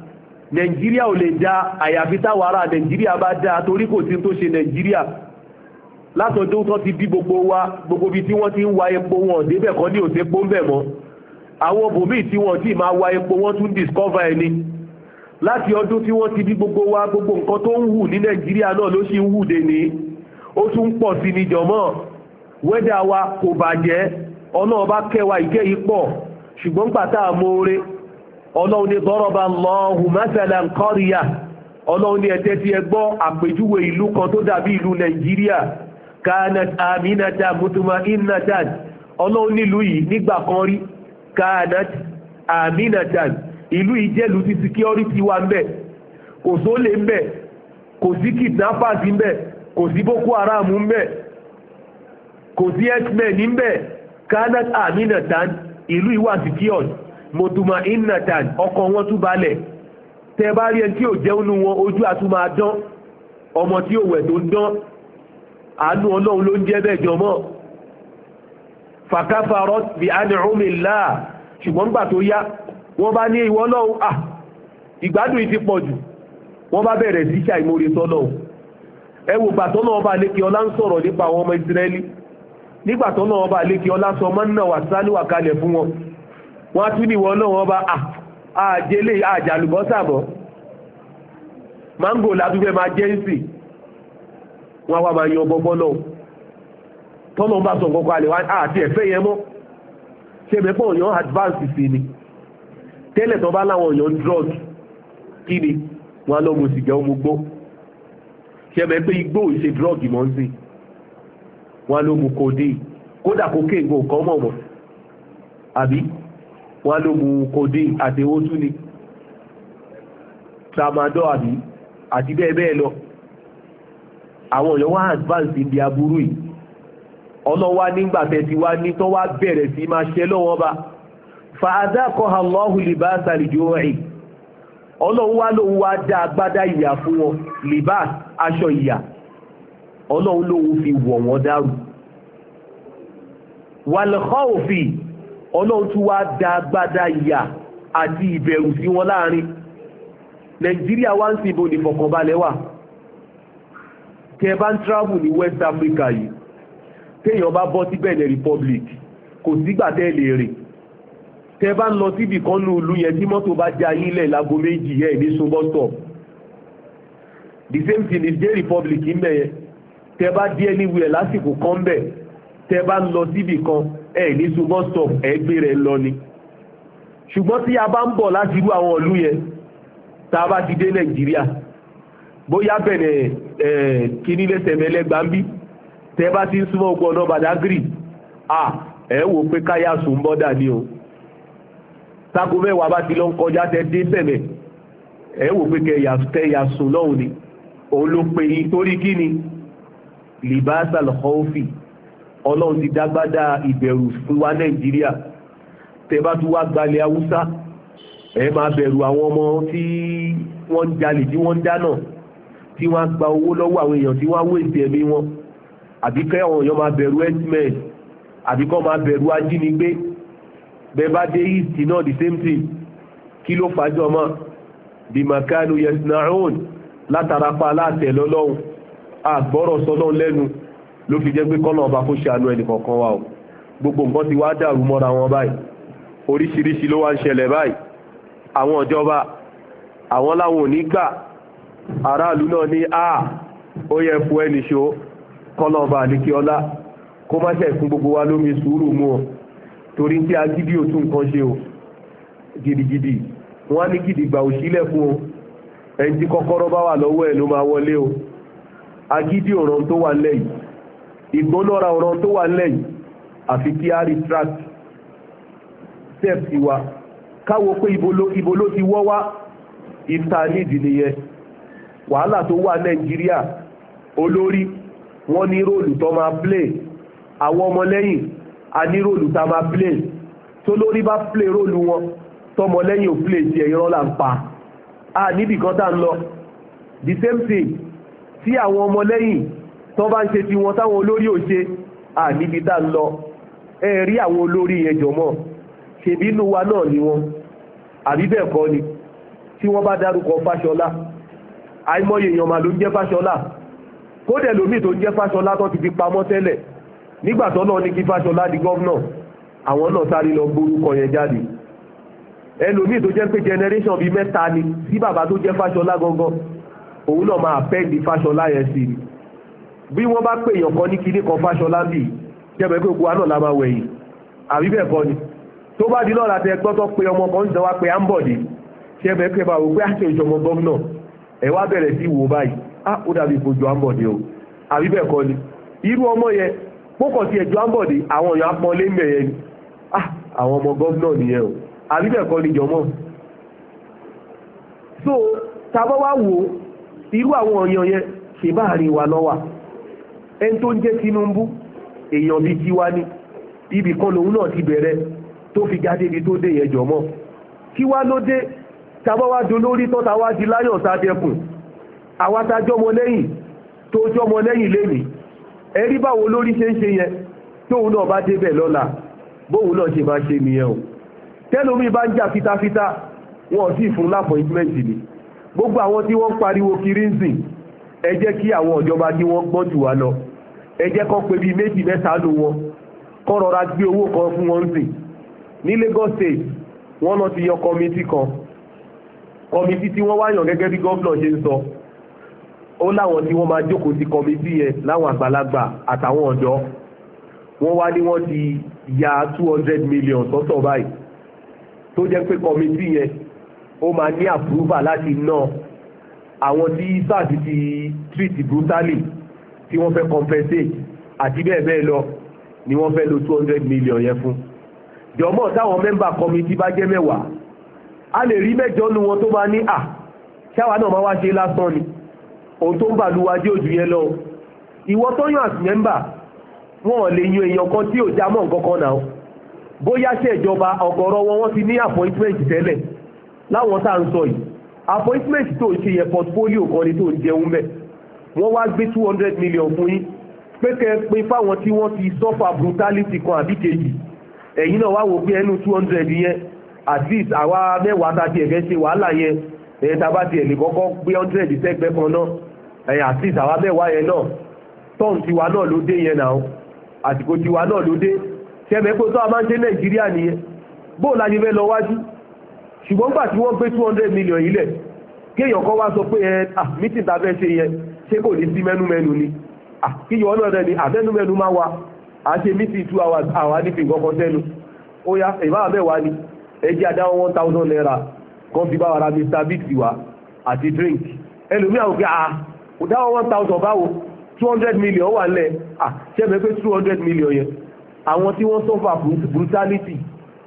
nàìjíríà ò lè dá àyàfi táwọn ará nàìjíríà bá dá torí kò sí tó ṣe nàìjíríà látọdún tó ti bí gbogbo wa gbogbo ibi tí wọ́n ti ń wa epo wọn débẹ̀ kan ní òsè pó ń bẹ̀ mọ́ àwọn bòmíì tí wọ́n ti máa wa epo wọ́n tún discover ẹni láti ọdún tí wọ́n ti bí gbogbo wa gbogbo nǹkan tó ń hù ní nàìjíríà náà ló ṣì ń hù dé ní ó tún pọ̀ sí ni jọ̀mọ́ wẹ́dà wa kò bàjẹ́ ọlọ́ọ̀bá kẹwàá ìkẹyìí pọ̀ ṣùgbọ́n gbàtà amóore ọlọ́run ní dọ́rọ̀bà lọ́hùn mẹ́sẹ̀lẹ̀ kọ́ríyà ọlọ́run ní ẹ̀tẹ́ ti ẹgbọ́ àpèjúwe ìlú kan tó dàbí ìlú nàìjíríà kanat aminata mutuma innatan ọlọ́run nílùú yìí nígbà kan rí kanat aminatan ìlú yìí jẹ́ ìlú tí security wà ń bẹ̀ kò sólè ń bẹ̀ kò sí kidnappers ń bẹ̀ kò sí boko haram ń kò sí x-men ń kanat aminatan ìlú yìí wà mọ̀tùmá ìnàtàn ọkàn wọn tún balẹ̀ tẹ bá rí ẹni tí ò jẹun nu wọn ojú àtún máa dán ọmọ tí ò wẹ̀ tó ń dán àánú ọlọ́run ló ń jẹ́ bẹ́ẹ̀ jọmọ́ fàkàfàrọ́ bí anìrúmìlá ṣùgbọ́n gbà tó yá wọ́n bá ní ìwọ ọlọ́run à ìgbádùn yìí ti pọ̀ jù wọ́n bá bẹ̀rẹ̀ sí ṣàìmórí sọ́lọ́run ẹ wò gbàtọ́ náà ọba àlékè ọlá ń sọ̀rọ̀ nípa àwọn ọmọ ìsírẹ́lì nígbàtọ́ náà ọba àlékè ọlá sọ mọ́nà wà sálíwà kalẹ̀ fún wọn wọ́n tún ní wọn náà ah, wọ́n bá àjẹlé àjàlùbọ́sàbọ̀ máńgò làdúgbẹ́ máa jẹ́ ń sì wọ́n wá máa yan bọ́bọ́ náà tọ́nà bá sọ kọ́kọ́ alẹ́ wá àti ẹ̀fẹ́ yẹn mọ́ ṣe mẹ́pọ̀ òyàn advance sí ni tẹ́lẹ̀ tán bá láwọn òyàn drug kí ni wọ́n lọ mo sì jẹ́ ọmọ gbọ́ ṣe mẹ́ pé igbó ìṣe drug mọ́ sí wọ́n lọ mo kò dé kódà kókè nǹkan kan mọ̀ mọ́ àbí wọ́n ló mú kòdín àtẹ̀wó tún ni tramadol àbí àti bẹ́ẹ̀ bẹ́ẹ̀ lọ àwọn èèyàn wá advance ibi aburú yìí ọlọ́wà nígbà tẹ́ ti wá ní tó wá bẹ̀rẹ̀ sí máa ṣe lọ́wọ́ bá fàádákọ̀ọ́ Allahu libasa al-ju'i ọlọ́run wá lóun wá dá agbádá ìyà fún wọn libas aṣọ ìyà ọlọ́run lóun fi wọ̀ wọ́n dárú wal khawfi ọlọ́run tún wá da agbádá ìyà àti ìbẹ̀rù sí wọn láàrin nàìjíríà wá ń sí ibo nìfọ̀kànbalẹ̀ wà tẹ́ travel ní west africa yìí téèyàn bá bọ́ sí benin republic kò sígbà tẹ́ lè rìn tẹ́ bá ń lọ síbi kan ní ìlú yẹn tí mọ́tò bá já yín lẹ̀ lágo méjì yẹn ní sun stop the same thing is benin republic ń bẹ̀ yẹn tẹ́ bá dé anywhere lásìkò kan bẹ̀ tẹ́ lọ síbi kan ẹ̀ ní su bus rẹ̀ lọ ni ṣùgbọ́n tí a bá ń bọ̀ láti irú àwọn ìlú yẹn tá a bá ti dé nàìjíríà bóyá bẹ̀rẹ̀ ẹ̀ kíní lẹ́sẹ̀mẹ́lẹ́gbà ń bí tẹ́ bá ti ń súnmọ́ ogun ọ̀nà badagry à ẹ̀ wò pé káyà sùn bọ́dà ni o sago mẹ́wàá bá ti lọ ń kọjá tẹ́ dé sẹ̀mẹ̀ ẹ̀ wò pé kẹyà sùn lọ́hùn ni òun ló pe yín torí kíni libasa lọ́kọ́ òfì ọlọ́run ti dágbádá ìbẹ̀rù fún wa nàìjíríà tẹ́ bá tún wá gbalẹ̀ haúsá ẹ máa bẹ̀rù àwọn ọmọ tí wọ́n ń jalè tí wọ́n ń dáná tí wọ́n á gba owó lọ́wọ́ àwọn èèyàn tí wọ́n á wé ìtì ẹ̀mí wọn àbí kẹ́ àwọn èèyàn máa bẹ̀rù herdsmen àbí máa bẹ̀rù ajínigbé bẹ́ẹ̀ dé east náà the same thing kí ló fàájọ mọ́ bimakanu yesnaun látara pa aláàtẹ̀ lọ́lọ́run àgbọ́rọ̀ sọlọ́run lẹ́nu ló fi jẹ́ pé kọ́lọ̀ ọba kó ṣàánú ẹnì kọ̀ọ̀kan wa o gbogbo nǹkan ti wá dàrú mọ́ra wọn báyìí oríṣiríṣi ló wá ń ṣẹlẹ̀ báyìí àwọn ìjọba àwọn láwọn ò ní gbà aráàlú náà ní a ó yẹ fún ẹnì ṣó kọ́lọ̀ ọba àdékíọlá kó má ṣe fún gbogbo wa lómi sùúrù mu o torí pé agídí ò tún nǹkan ṣe o gidigidi wọn á ní gidigba òṣìlẹ̀ fún o ẹni tí kọ́kọ́rọ́ bá wà lọ́wọ́ ẹ̀ ló máa wọlé o agídí ọ̀ràn tó wà lẹ́yìn ìgbónára ọ̀rọ̀ tó wà lẹ́yìn àfi kí a retract steps wa káwo pé ibo ló ti wọ́ wá ìtànídì nìyẹn wàhálà tó wà nàìjíríà olórí wọ́n ní róòlù tó máa play àwọn ọmọlẹ́yìn a ní róòlù tá máa play tó lórí bá play róòlù wọn tọmọlẹ́yìn ò play tiẹ̀ irọ́ là ń pa a níbì tá ń lọ the same thing tí àwọn ọmọlẹ́yìn tó bá ń ṣe ti wọn táwọn olórí ò ṣe à níbi dá lọ ẹ rí àwọn olórí yẹn jọmọ ṣèbí inú wa náà ni wọn àbí bẹ́ẹ̀ kọ́ ni tí wọ́n bá dárúkọ fáṣọlá àìmọye èèyàn mà ló ń jẹ́ fáṣọlá kódẹ̀ lómi tó ń jẹ́ fáṣọlá tó ti fi pamọ́ tẹ́lẹ̀ nígbà tó náà ní kí fáṣọlá di gọ́vnà àwọn náà sáré lọ gbórúkọ yẹn jáde ẹlòmíì tó jẹ́ pé generation bíi mẹ́ta ni sí bàbá tó jẹ́ fáṣọlá gangan òun náà máa pẹ́ẹ́lì fáṣọlá yẹn sí ni bí wọ́n bá pè yọ̀kan ní kíní kan fáṣọlá bì jẹ́bẹ̀ pé gbogbo àná la máa wẹ̀yìn àbí bẹ́ẹ̀ kọ́ ni tó bá di lọ́la tẹ gbọ́tọ̀ pé ọmọ kan ń sọ wá pé à ń bọ̀ dé jẹ́bẹ̀ pé bá wò pé àṣẹ ah, ìjọmọ gómìnà ẹ̀ wá bẹ̀rẹ̀ sí wò báyìí á ah, ó dàbí ìfojú à ń bọ̀ dé o àbí kọ́ ni irú ọmọ yẹn pókọ̀ sí ẹjọ́ à ń bọ̀ dé àwọn èèyàn apọ́nlé ń bẹ̀yẹn ni ah, so tàbá wá wò irú àwọn èèyàn yẹn ṣèbáàrin wa lọ́wà ẹni tó ń jẹ́ Tinubu èèyàn bíi tiwa ni ibì kan lòun náà ti bẹ̀rẹ̀ tó fi jáde ibi tó dé yẹn jọ mọ́ kí wá ló dé tàbá wá dolórí tó ta wá di láyọ̀ sábẹ́kùn àwa ta jọmọ lẹ́yìn tó jọmọ lẹ́yìn lẹ́yìn ẹ̀rí báwo lórí ṣe ń ṣe yẹn tóun náà bá débẹ̀ lọ́la bóun náà ṣe máa ṣe nìyẹn o tẹ́lómi bá ń jà fitafita wọn sì fún lápọ̀ìntmẹ́ǹtì ni gbogbo àwọn tí wọ́n pariwo kiri ń sìn ẹ jẹ́ kí àwọn ìjọba tí wọ́n gbọ́n jù wá lọ ẹ jẹ́ kó pé bíi méjì mẹ́ta lò wọn kó rọra gbé owó kan fún wọn sìn ní Lagos state wọ́n lọ ti yọ kọmitì kan kọmitì tí wọ́n wáyàn gẹ́gẹ́ bí gómìnà ṣe ń sọ ó láwọn tí wọ́n máa jókòó sí kọmitì yẹn láwọn àgbàlagbà àtàwọn ọ̀dọ́ wọ́n wá ní wọ́n ti ya two hundred million sọ́tọ̀ báyìí tó jẹ́ pé kọmitì yẹn ó máa ní àpúrúfà láti ná àwọn tí sáà ti ti treat brutally tí wọ́n fẹ́ compensate àti bẹ́ẹ̀ bẹ́ẹ̀ lọ ni wọ́n fẹ́ lo two hundred million yẹn fún jọmọ́ táwọn mẹ́mbà kọmitì bá jẹ́ mẹ́wàá a lè rí mẹ́jọ nu wọn tó bá ní à ṣáwa náà máa wá ṣe lásán ni ohun tó ń bà lu wájú òjò yẹn lọ ìwọ tó yàn as mẹ́mbà wọn ò lè yan èèyàn kan tí ò já mọ́ nǹkan kan náà bóyá ṣèjọba ọ̀gọ̀rọ̀ wọn wọ́n ti ní appointment tẹ́lẹ̀ láwọn tá à ń sọ yìí appointment tó ń ṣe yẹ portfolio kan ni tó ń jẹun bẹ́ẹ̀ wọ́n wá gbé two hundred million fún yín pé kẹ́ pé fáwọn tí wọ́n ti suffer brutality kan àbí kejì ẹ̀yin náà wá wò pé ẹnu two hundred yẹn at least àwa mẹ́wàá tá a tiẹ̀ fẹ́ ṣe wàhálà yẹn ẹ̀yẹ tá a bá tiẹ̀ lè kọ́kọ́ gbé hundred sẹ́gbẹ́ kan náà ẹ̀yẹ at least àwa mẹ́wàá yẹn náà tọ́hún tiwa náà ló dé yẹn náà àsìkò tiwa náà ló dé tẹ́mẹ̀ pé tó a máa ń ṣe nàìjíríà nìyẹn bóò láyé fẹ́ lọ wájú ṣùgbọ́n gbà tí wọ́n gbé two hundred million yìí lẹ̀ kéèyàn kan wá sọ pé ẹ ah meeting ta fẹ́ ṣe yẹn ṣé kò ní sí mẹ́numẹ́nu ni kíyọ ọ̀nà ọ̀dẹ́ ni àmẹ́numẹ́nu máa wa a ṣe mí sí two hours àwọn anífi nǹkan kan sẹ́nu ó yá ìbára mẹ́wàá ni ẹ jẹ́ àdáwọn one thousand naira kan fi bá wa ra mr biggs wa àti drink ẹlòmíà wò pé à kò one thousand báwo two hundred million wà lẹ̀ à ṣẹ́mi pé two hundred million yẹn àwọn tí wọ́n sọ́fà brutality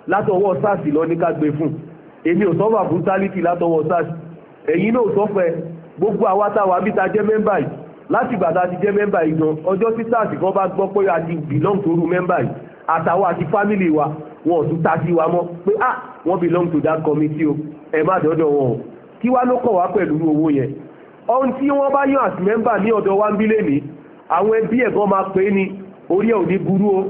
látọwọ́ sars lọ ní ká gbé fún èmi ò sọ́fà brutality látọwọ́ sars ẹ̀yin náà sọ́fà gbogbo àwa táwa bí ta jẹ́ mẹ́mbà yìí láti ìgbà tá a ti jẹ́ mẹ́mbà yìí gan ọjọ́ tí sars kan bá gbọ́ pé a ti belong to ru mẹ́mbà yìí àtàwa àti fámìlì wa wọn ò tún ta sí wa mọ́ pé ah wọ́n belong to that committee o ẹ má dọ́dọ̀ wọn o kí wá ló kọ̀ wá pẹ̀lú owó yẹn ohun tí wọ́n bá yàn as member ní ọ̀dọ̀ wa ń bílẹ̀ ní àwọn ẹbí ẹ̀ gan máa pè é ní orí ẹ̀ ò ní burú o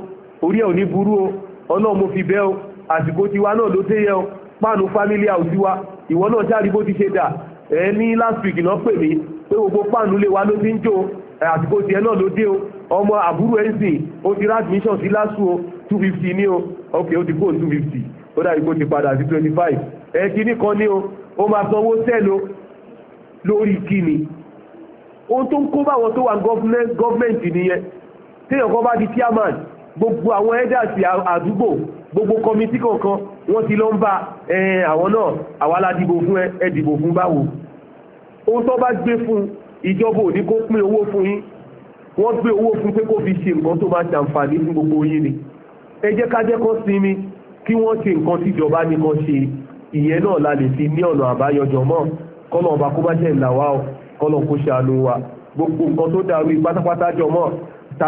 orí ẹ̀ ò ní burú o ọlọ́run mo fi bẹ́ o àsìkò tiwa náà ló dé yẹ o páànù family house wa ìwọ náà jáde bó ti ṣe dà ẹ ní last week náà pè mí pé gbogbo fáànù lè wa ló ti ń jó àsìkò tiẹ̀ náà ló dé o ọmọ àbúrò ẹ̀sìn ó ti rá admission sí last week. two fifty ní o ok ó ti kó two fifty ó dàbí kó ti padà sí twenty five ẹ kíní kan ní o ó máa sanwó sẹ́ẹ̀lì lórí kíni ohun tó ń kó báwọn tó wà gọ́fẹ́mẹ̀ntì nìyẹn téèyàn kan bá di chairman gbogbo àwọn ẹ́dà sí àdúgbò gbogbo kọmití kọ̀ọ̀kan wọ́n ti lọ ń bá àwọn náà àwa la dìbò fún ẹ dìbò fún báwo ohun tó bá gbé fún ìjọba òní kó pín owó fún yín wọ́n gbé owó fún pé kó fi ṣe nǹkan tó máa ṣàǹfààní fún gbogbo yín ni ẹ jẹ́ ká jẹ́ kán sinmi kí wọ́n ṣe nǹkan tíjọba ní kan ṣe ìyẹn náà la lè fi ní ọ̀nà àbáyọjọ mọ́ kọ́nà ọba kó bá ṣe ìlà ọ kọ́nà kó ṣàánú wa gbogbo nǹkan tó dàrú pátápátá jọ mọ́ ta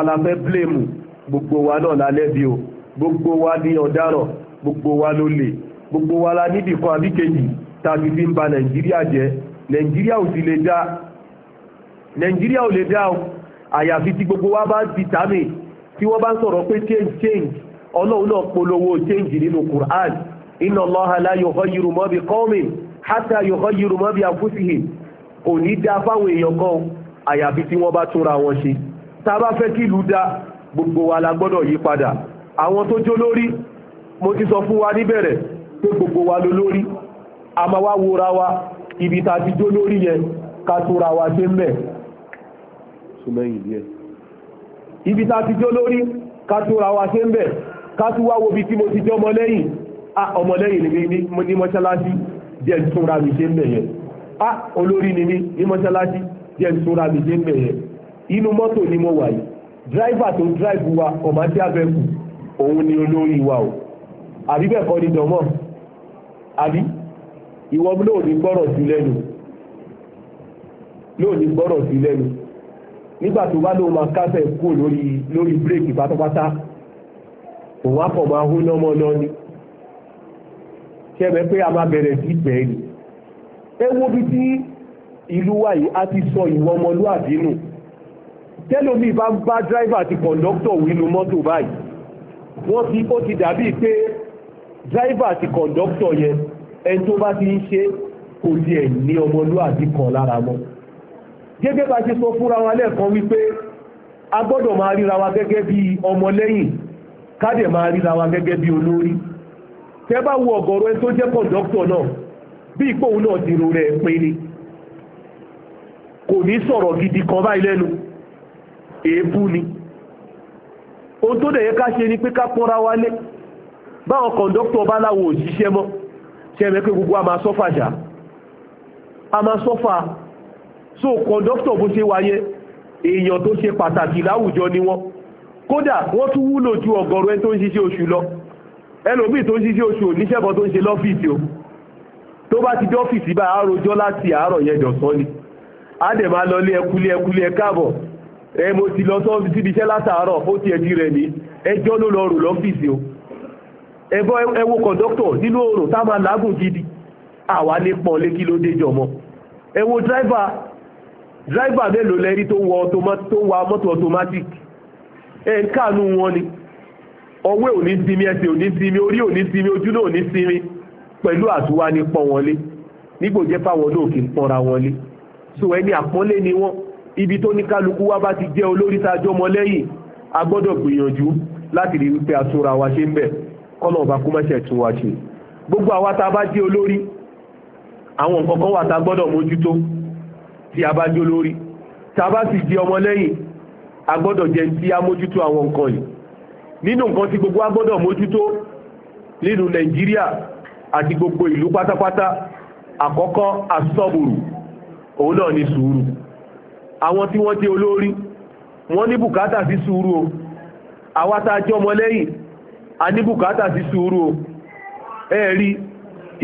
gbogbo wa náà la lẹ́bi o gbogbo wa ní ọ̀daràn gbogbo wa ló lè gbogbo wa la níbì kan àbíkejì tàbí fi ń ba nàìjíríà jẹ nàìjíríà ò sì lè dá nàìjíríà ò lè dá o àyàfi tí gbogbo wa bá ti tàmì tí wọ́n bá ń sọ̀rọ̀ pé change change ọlọ́run náà polówó change nínú Qur'an inna Allaha la yughayyiru ma bi qawmin hatta yughayyiru ma bi anfusihim kò ní dá fáwọn èèyàn kan àyàfi tí wọ́n bá túnra wọn ṣe tá a bá fẹ́ kí ìlú dá gbogbo wa la gbọ́dọ̀ yí padà àwọn tó jó lórí mo ti sọ fún wa níbẹ̀rẹ̀ pé gbogbo wa ló lórí a máa wá wora wa ibi ta ti jó lórí yẹn ká tóra wa ṣe ń bẹ̀ ibi ta ti jó lórí ká tóra wa ṣe ń bẹ̀ ká tún wá wo bí tí mo ti jẹ́ ọmọlẹ́yìn ọmọlẹ́yìn ní mọ́ṣáláṣí díẹ̀ túnra mi ṣe ń yẹn olórí ni mí ní mọ́ṣáláṣí díẹ̀ túnra mi ṣe ń yẹn inú mọ́tò ni mo wà yìí Driver tó drive wa kọ̀mándé abẹ́kù òun ni olórí wa o àbí bẹ́ẹ̀ kọ́ ni dọ̀mọ́ àbí ìwọ náà ní gbọ́rọ̀ sí lẹ́nu náà ní gbọ́rọ̀ sí lẹ́nu nígbà tó bá lóun máa kásẹ̀ kúrò lórí lórí bírèkì pátápátá òun á kọ̀ máa hó nọ́mọ́ náà ni kẹ́mẹ́ pé a máa bẹ̀rẹ̀ sí bẹ́ẹ̀ ni ẹ wo bí tí ìlú wa yìí á ti sọ ìwọ ọmọlúwàbí nù tẹ́lómi bá ń bá dráìvà àti kọ̀ǹdọ́tọ̀ wínú mọ́tò báyìí wọ́n ti ó ti dàbí pé dráìvà àti kọ̀ǹdọ́tọ̀ yẹn ẹni tó bá ti ń ṣe kò tiẹ̀ ní ọmọlúwàbí kan lára mọ́ gẹ́gẹ́ bá ṣe sọ fúnra wa lẹ́ẹ̀kan wípé a gbọ́dọ̀ máa ríra wa gẹ́gẹ́ bí ọmọlẹ́yìn ká dẹ̀ máa ríra wa gẹ́gẹ́ bí olórí tẹ́ bá wo ọ̀gọ̀rọ̀ ẹni tó jẹ́ kọ̀ǹdọ́tọ̀ náà bí ìpòun náà ti ro rẹ̀ pé ni kò ní sọ̀rọ̀ gidi kan báyìí lẹ́nu èébú ni ohun tó dẹ̀yẹ ká ṣe ni pé ká pọ́nra wálé báwọn kọ̀ǹdọ́kítọ̀ bá láwọn òṣìṣẹ́ mọ́ ṣẹ́mẹ́ pé gbogbo a máa sọ́fà ṣá a máa sọ́fà so kọ̀ǹdọ́kítọ̀ bó ṣe wáyé èèyàn tó ṣe pàtàkì láwùjọ ni wọ́n kódà wọ́n tún wúlò ju ọ̀gọ̀rọ̀ ẹni tó ń ṣiṣẹ́ oṣù lọ ẹlòmíì tó ń ṣiṣẹ́ oṣù oníṣẹ́kọ̀ tó ń ṣe lọ́fíìsì o tó bá ti dọ́fíìsì bá àròjọ́ láti àárọ̀ yẹn dọ̀sán ni á dẹ̀ máa lọ lé ẹkulé ẹkulé ẹ ẹ mo ti lọ sọ́ọ́fì síbi iṣẹ́ látàárọ̀ ó ti ẹ̀dí rẹ̀ ní ẹjọ́ ló lọ rò lọ́fíìsì o ẹbọ́ ẹwọ kọ̀dọ́kọ̀ nínú oòrùn tá máa lágùn gidi àwa ní pọ̀n lé kí ló dé jọmọ ẹwọ dráìvà dráìvà mélòó lẹ́rí tó wa mọ́tò automatic ẹ ń káànú wọn ni ọwọ́ ò ní sinmi ẹsẹ̀ ò ní sinmi orí ò ní sinmi ojú náà ò ní sinmi pẹ̀lú àtúwá ní pọ̀n wọlé nígbò jẹ́ fáwọn náà kì í pọnra wọlé so ẹni àpọ́nlé ni wọ́n ibi tó ní kálukú wá bá ti jẹ́ olórí sáájọ́ ọmọ lẹ́yìn a gbọ́dọ̀ gbìyànjú láti rí wípé àtúnra wa ṣe ń bẹ̀ kọ́nà ọba kú mẹ́sẹ̀ tún wa ṣe gbogbo àwa tá a bá jẹ́ olórí àwọn nǹkan kan wà tá a gbọ́dọ̀ mójútó tí a bá jẹ́ olórí tá a bá sì jẹ́ ọmọ lẹ́yìn a gbọ́dọ̀ jẹ́ tí a mójútó àwọn nǹkan yìí nínú nǹkan tí gbogbo wa gbọ́dọ̀ mójútó nínú Nàìjíríà àti gbogbo ìlú pátápátá àkọ́kọ́ asọ́bùrù òun náà ni sùúrù àwọn tí wọ́n jẹ́ olórí wọ́n ní bùkátà sí sùúrù o àwa tá a jẹ́ ọmọ lẹ́yìn a ní bùkátà sí sùúrù o ẹ rí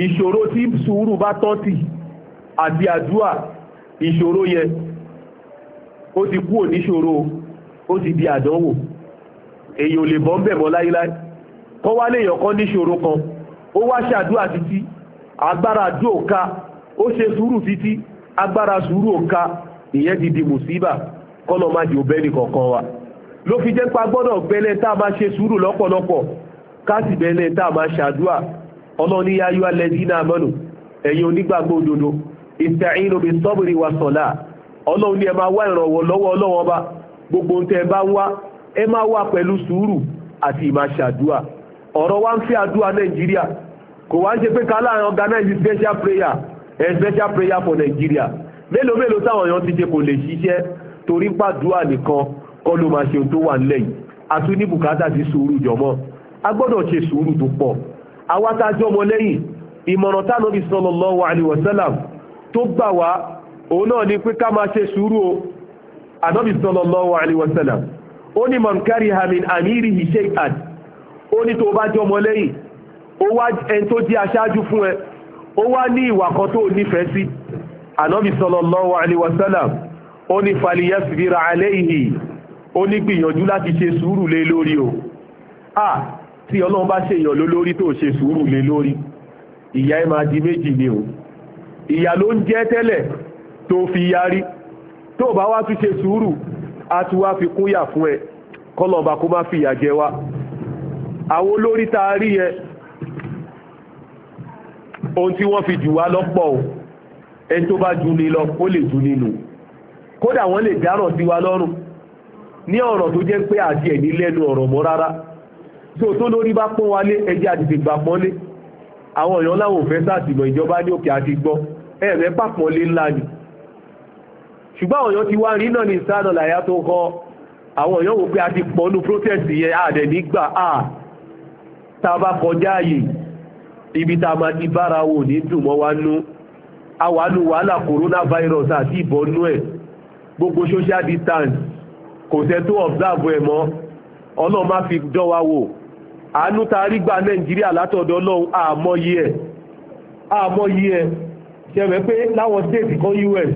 ìṣòro tí sùúrù bá tọ́tì àti àdúà ìṣòro yẹn ó ti kú òníṣòro ó ti di àdánwò èyí lè bọ́ ń bẹ̀mọ́ láíláí kọ́ wá léèyàn kan níṣòro kan ó wá ṣàdúà títí agbára àdúà ká ó ṣe sùúrù títí agbára sùúrù ká ìyẹn ti di mùsíbà kọ́nà má di òbẹ́ni kankan wa ló fi jẹ́ pa gbọ́dọ̀ bẹ́lẹ̀ tá a máa ṣe sùúrù lọ́pọ̀lọpọ̀ ká sì bẹ́lẹ̀ tá a máa ṣàdúà ọlọ́ni yáyọ alẹ́dínà amanu ẹ̀yin onígbàgbọ́ òdodo ìsẹ̀yìn omi sọ́bìrì wa sọ̀lá ọlọ́run ni ẹ máa wá ìrànwọ́ lọ́wọ́ ọlọ́wọ́ bá gbogbo ohun tẹ́ ẹ bá ń wá ẹ máa wá pẹ̀lú sùúrù àti ìmá ṣàdúà ọ̀rọ̀ wa ń fẹ́ àdúà nàìjíríà kò wá ń ṣe pé kálá organize special prayer eh, special prayer for Nigeria mélòó mélòó táwọn èèyàn ti ṣe kò lè ṣiṣẹ́ torí pàdúrà nìkan kọ́ ló máa ṣe ohun tó wà nílẹ̀ yìí a tún ní bùkátà sí sùúrù jọmọ́ a gbọ́dọ̀ ṣe sùúrù tó pọ̀ àwa tá lẹ́yìn ìmọ̀ràn táwọn Ànábì sallallahu alaihi wasallam tó gbà wá òun náà ni pé ká máa ṣe sùúrù o Ànábì sallallahu alaihi wasallam ó ní man kariha min amirihi shay'an ó ní tó bá jọmọ lẹ́yìn ó wá ẹni tó jẹ́ aṣáájú fún ẹ ó wá ní ìwà kan tó nífẹ̀ẹ́ sí ànábì sallallahu alaihi wasallam ó ní faliyasbira alayhi ó ní gbìyànjú láti ṣe sùúrù lé lórí o a tí ọlọ́run bá ṣe èèyàn lólórí tó ṣe sùúrù lé lórí ìyá ẹ máa di méjì ni o ìyà ló ń jẹ́ tẹ́lẹ̀ tó fi yarí tó bá wá tún ṣe sùúrù a tún wá fi kúnyà fún ẹ kọlọ̀ọ̀bà kó má fìyà jẹ wá àwọn olórí tá a rí yẹn ohun tí wọ́n fi jù wá lọ́pọ̀ o ẹni tó bá ju ní lọ ó lè ju ni kódà wọ́n lè dáràn sí wa lọ́rùn ní ọ̀rọ̀ tó jẹ́ pé àti ẹ̀ lẹ́nu ọ̀rọ̀ mọ́ rárá tí ó tó lórí bá pọ́n wálé ẹjẹ́ àti gbà pọ́nlé àwọn èèyàn láwọn òfẹ́ ìjọba ní òkè àti gbọ́ ẹ̀rẹ́ ńlá ni kọ àwọn èèyàn wò ti protest yẹn àdẹ̀ nígbà a tá a ibi tá a máa ti bára wò ní dùn mọ́ àwàlù wàhálà coronavirus àti ìbọnú ẹ̀ gbogbo social distance kò sẹ́ tó observe ẹ̀ mọ́ ọlọ́run má fi dán wa wò àánú ta rí gbà nàìjíríà látọ̀dọ̀ ọlọ́run àmọ́yí ẹ̀ àmọ́yí ẹ̀ ṣẹ̀rẹ̀ pé láwọn state kan US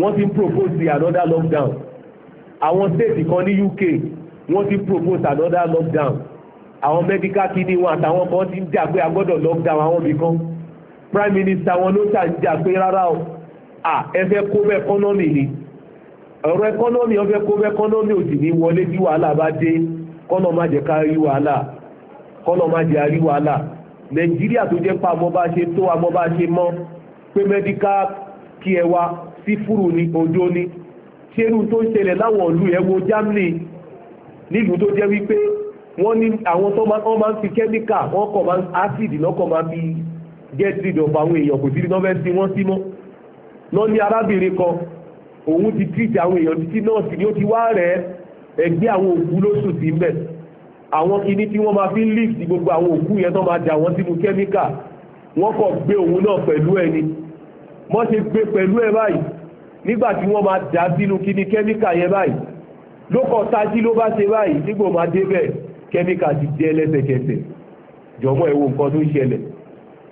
wọ́n ti propose another lockdown àwọn state kan ní UK wọ́n ti propose another lockdown àwọn medical kini wọn àtàwọn kan ti ń jà pé a gbọ́dọ̀ lockdown àwọn ibì prime minister wọn ló tà ń jà pé rárá o à ẹ fẹ́ kó bẹ́ economy ni ọ̀rọ̀ economy ọ fẹ́ kó bẹ́ economy ò sì ní wọlé bí wàhálà bá dé kọ́nà má jẹ́ ká rí wàhálà kọ́nà má jẹ́ àrí wàhálà nàìjíríà tó jẹ́ pa àmọ́ bá ṣe tó àmọ́ bá ṣe mọ́ pé medical care wa sífúrù ni òjò ni ṣerú tó ń ṣẹlẹ̀ láwọn ìlú ẹ wo germany nílùú tó jẹ́ wípé wọ́n ní àwọn tó máa ń fi kẹ́míkà wọ́n kọ̀ máa ń ásìdì lọ́kọ̀ máa fi get rid of àwọn èèyàn kò sí ní nọ́fẹ́ sí wọ́n sí mọ́ lọ́n ní arábìnrin kan òun ti treat àwọn èèyàn títí nọ́ọ̀sì ni ó ti wá rẹ̀ ẹgbẹ́ àwọn òkú lóṣù sí mbẹ̀ àwọn kiní tí wọ́n máa fi lift gbogbo àwọn òkú yẹn tó máa dà wọ́n sínú kẹ́míkà wọ́n kọ̀ gbé òun náà pẹ̀lú ẹni wọ́n ṣe gbé pẹ̀lú ẹ báyìí nígbà tí wọ́n máa dà sínú kiní kẹ́míkà yẹn báyìí ló kọ̀ tají ló bá ṣe báyìí nígbà máa débẹ̀ kẹ́míkà ti jẹ́ lẹ́sẹ̀kẹsẹ̀ jọ̀mọ́ ẹ nǹkan tó ṣẹlẹ̀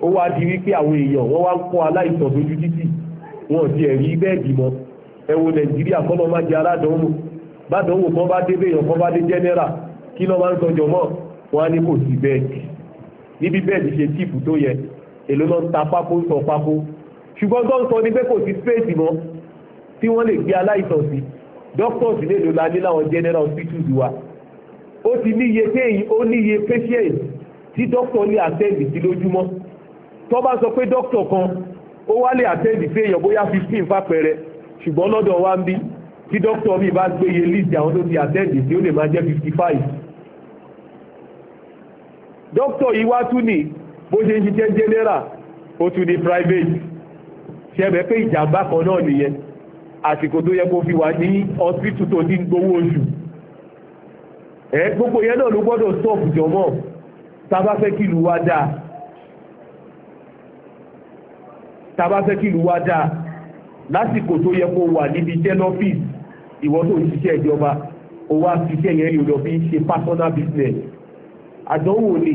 ó wá di wípé àwọn èèyàn wọ́n wá ń kọ́ aláìsàn lójú títì wọn ti ẹ̀rí bẹ́ẹ̀dì mọ́ ẹ wo nàìjíríà kọ́mọ má jẹ aládánwò bádánwò kan bá dé béèyàn kan bá dé jẹ́nẹ́rà kí lọ́ máa ń sọjọ́ mọ́ wọn á ní kò sí bẹ́ẹ̀dì níbi bẹ́ẹ̀dì ṣe tíìpù tó yẹ èló lọ ń ta pákó ń sọ pákó ṣùgbọ́n tó ń sọ ni pé kò sí spéèsì mọ́ tí wọ́n lè gbé aláìsàn sí doctors lè lò la ní láwọn general hospitals wa ó ti níye téyìn ó níye patient tí doctor ní àtẹ́ẹ̀dì sí lójúmọ́ tó bá sọ pé dókítà kan ó wá lè àtẹ́ẹ̀dì sí èèyàn bóyá fifteen fàpẹẹrẹ ṣùgbọ́n lọ́dọ̀ wa ń bí tí dókítà mi bá gbé iye list àwọn tó ti àtẹ́ẹ̀dì sí ó lè máa jẹ́ fifty five dókítà yìí wá tún ní bó ṣe ń ṣiṣẹ́ general ó tún ní private ṣẹbẹ̀ pé ìjàmbá kan náà nìyẹn àsìkò tó yẹ kó fi wà ní hospital tó ní gbowó oṣù ẹ gbogbo yẹn náà ló gbọ́dọ̀ stop jọmọ́ tá a bá fẹ́ kí ìlú wa dáa tàbá fẹ́ kí ìlú wa dáa lásìkò tó yẹ kó wà níbi jẹ́ lọ́fíìsì ìwọ tó ń ṣiṣẹ́ ìjọba ó wá fi iṣẹ́ yẹn lò lọ fi ṣe personal business àdánwò ni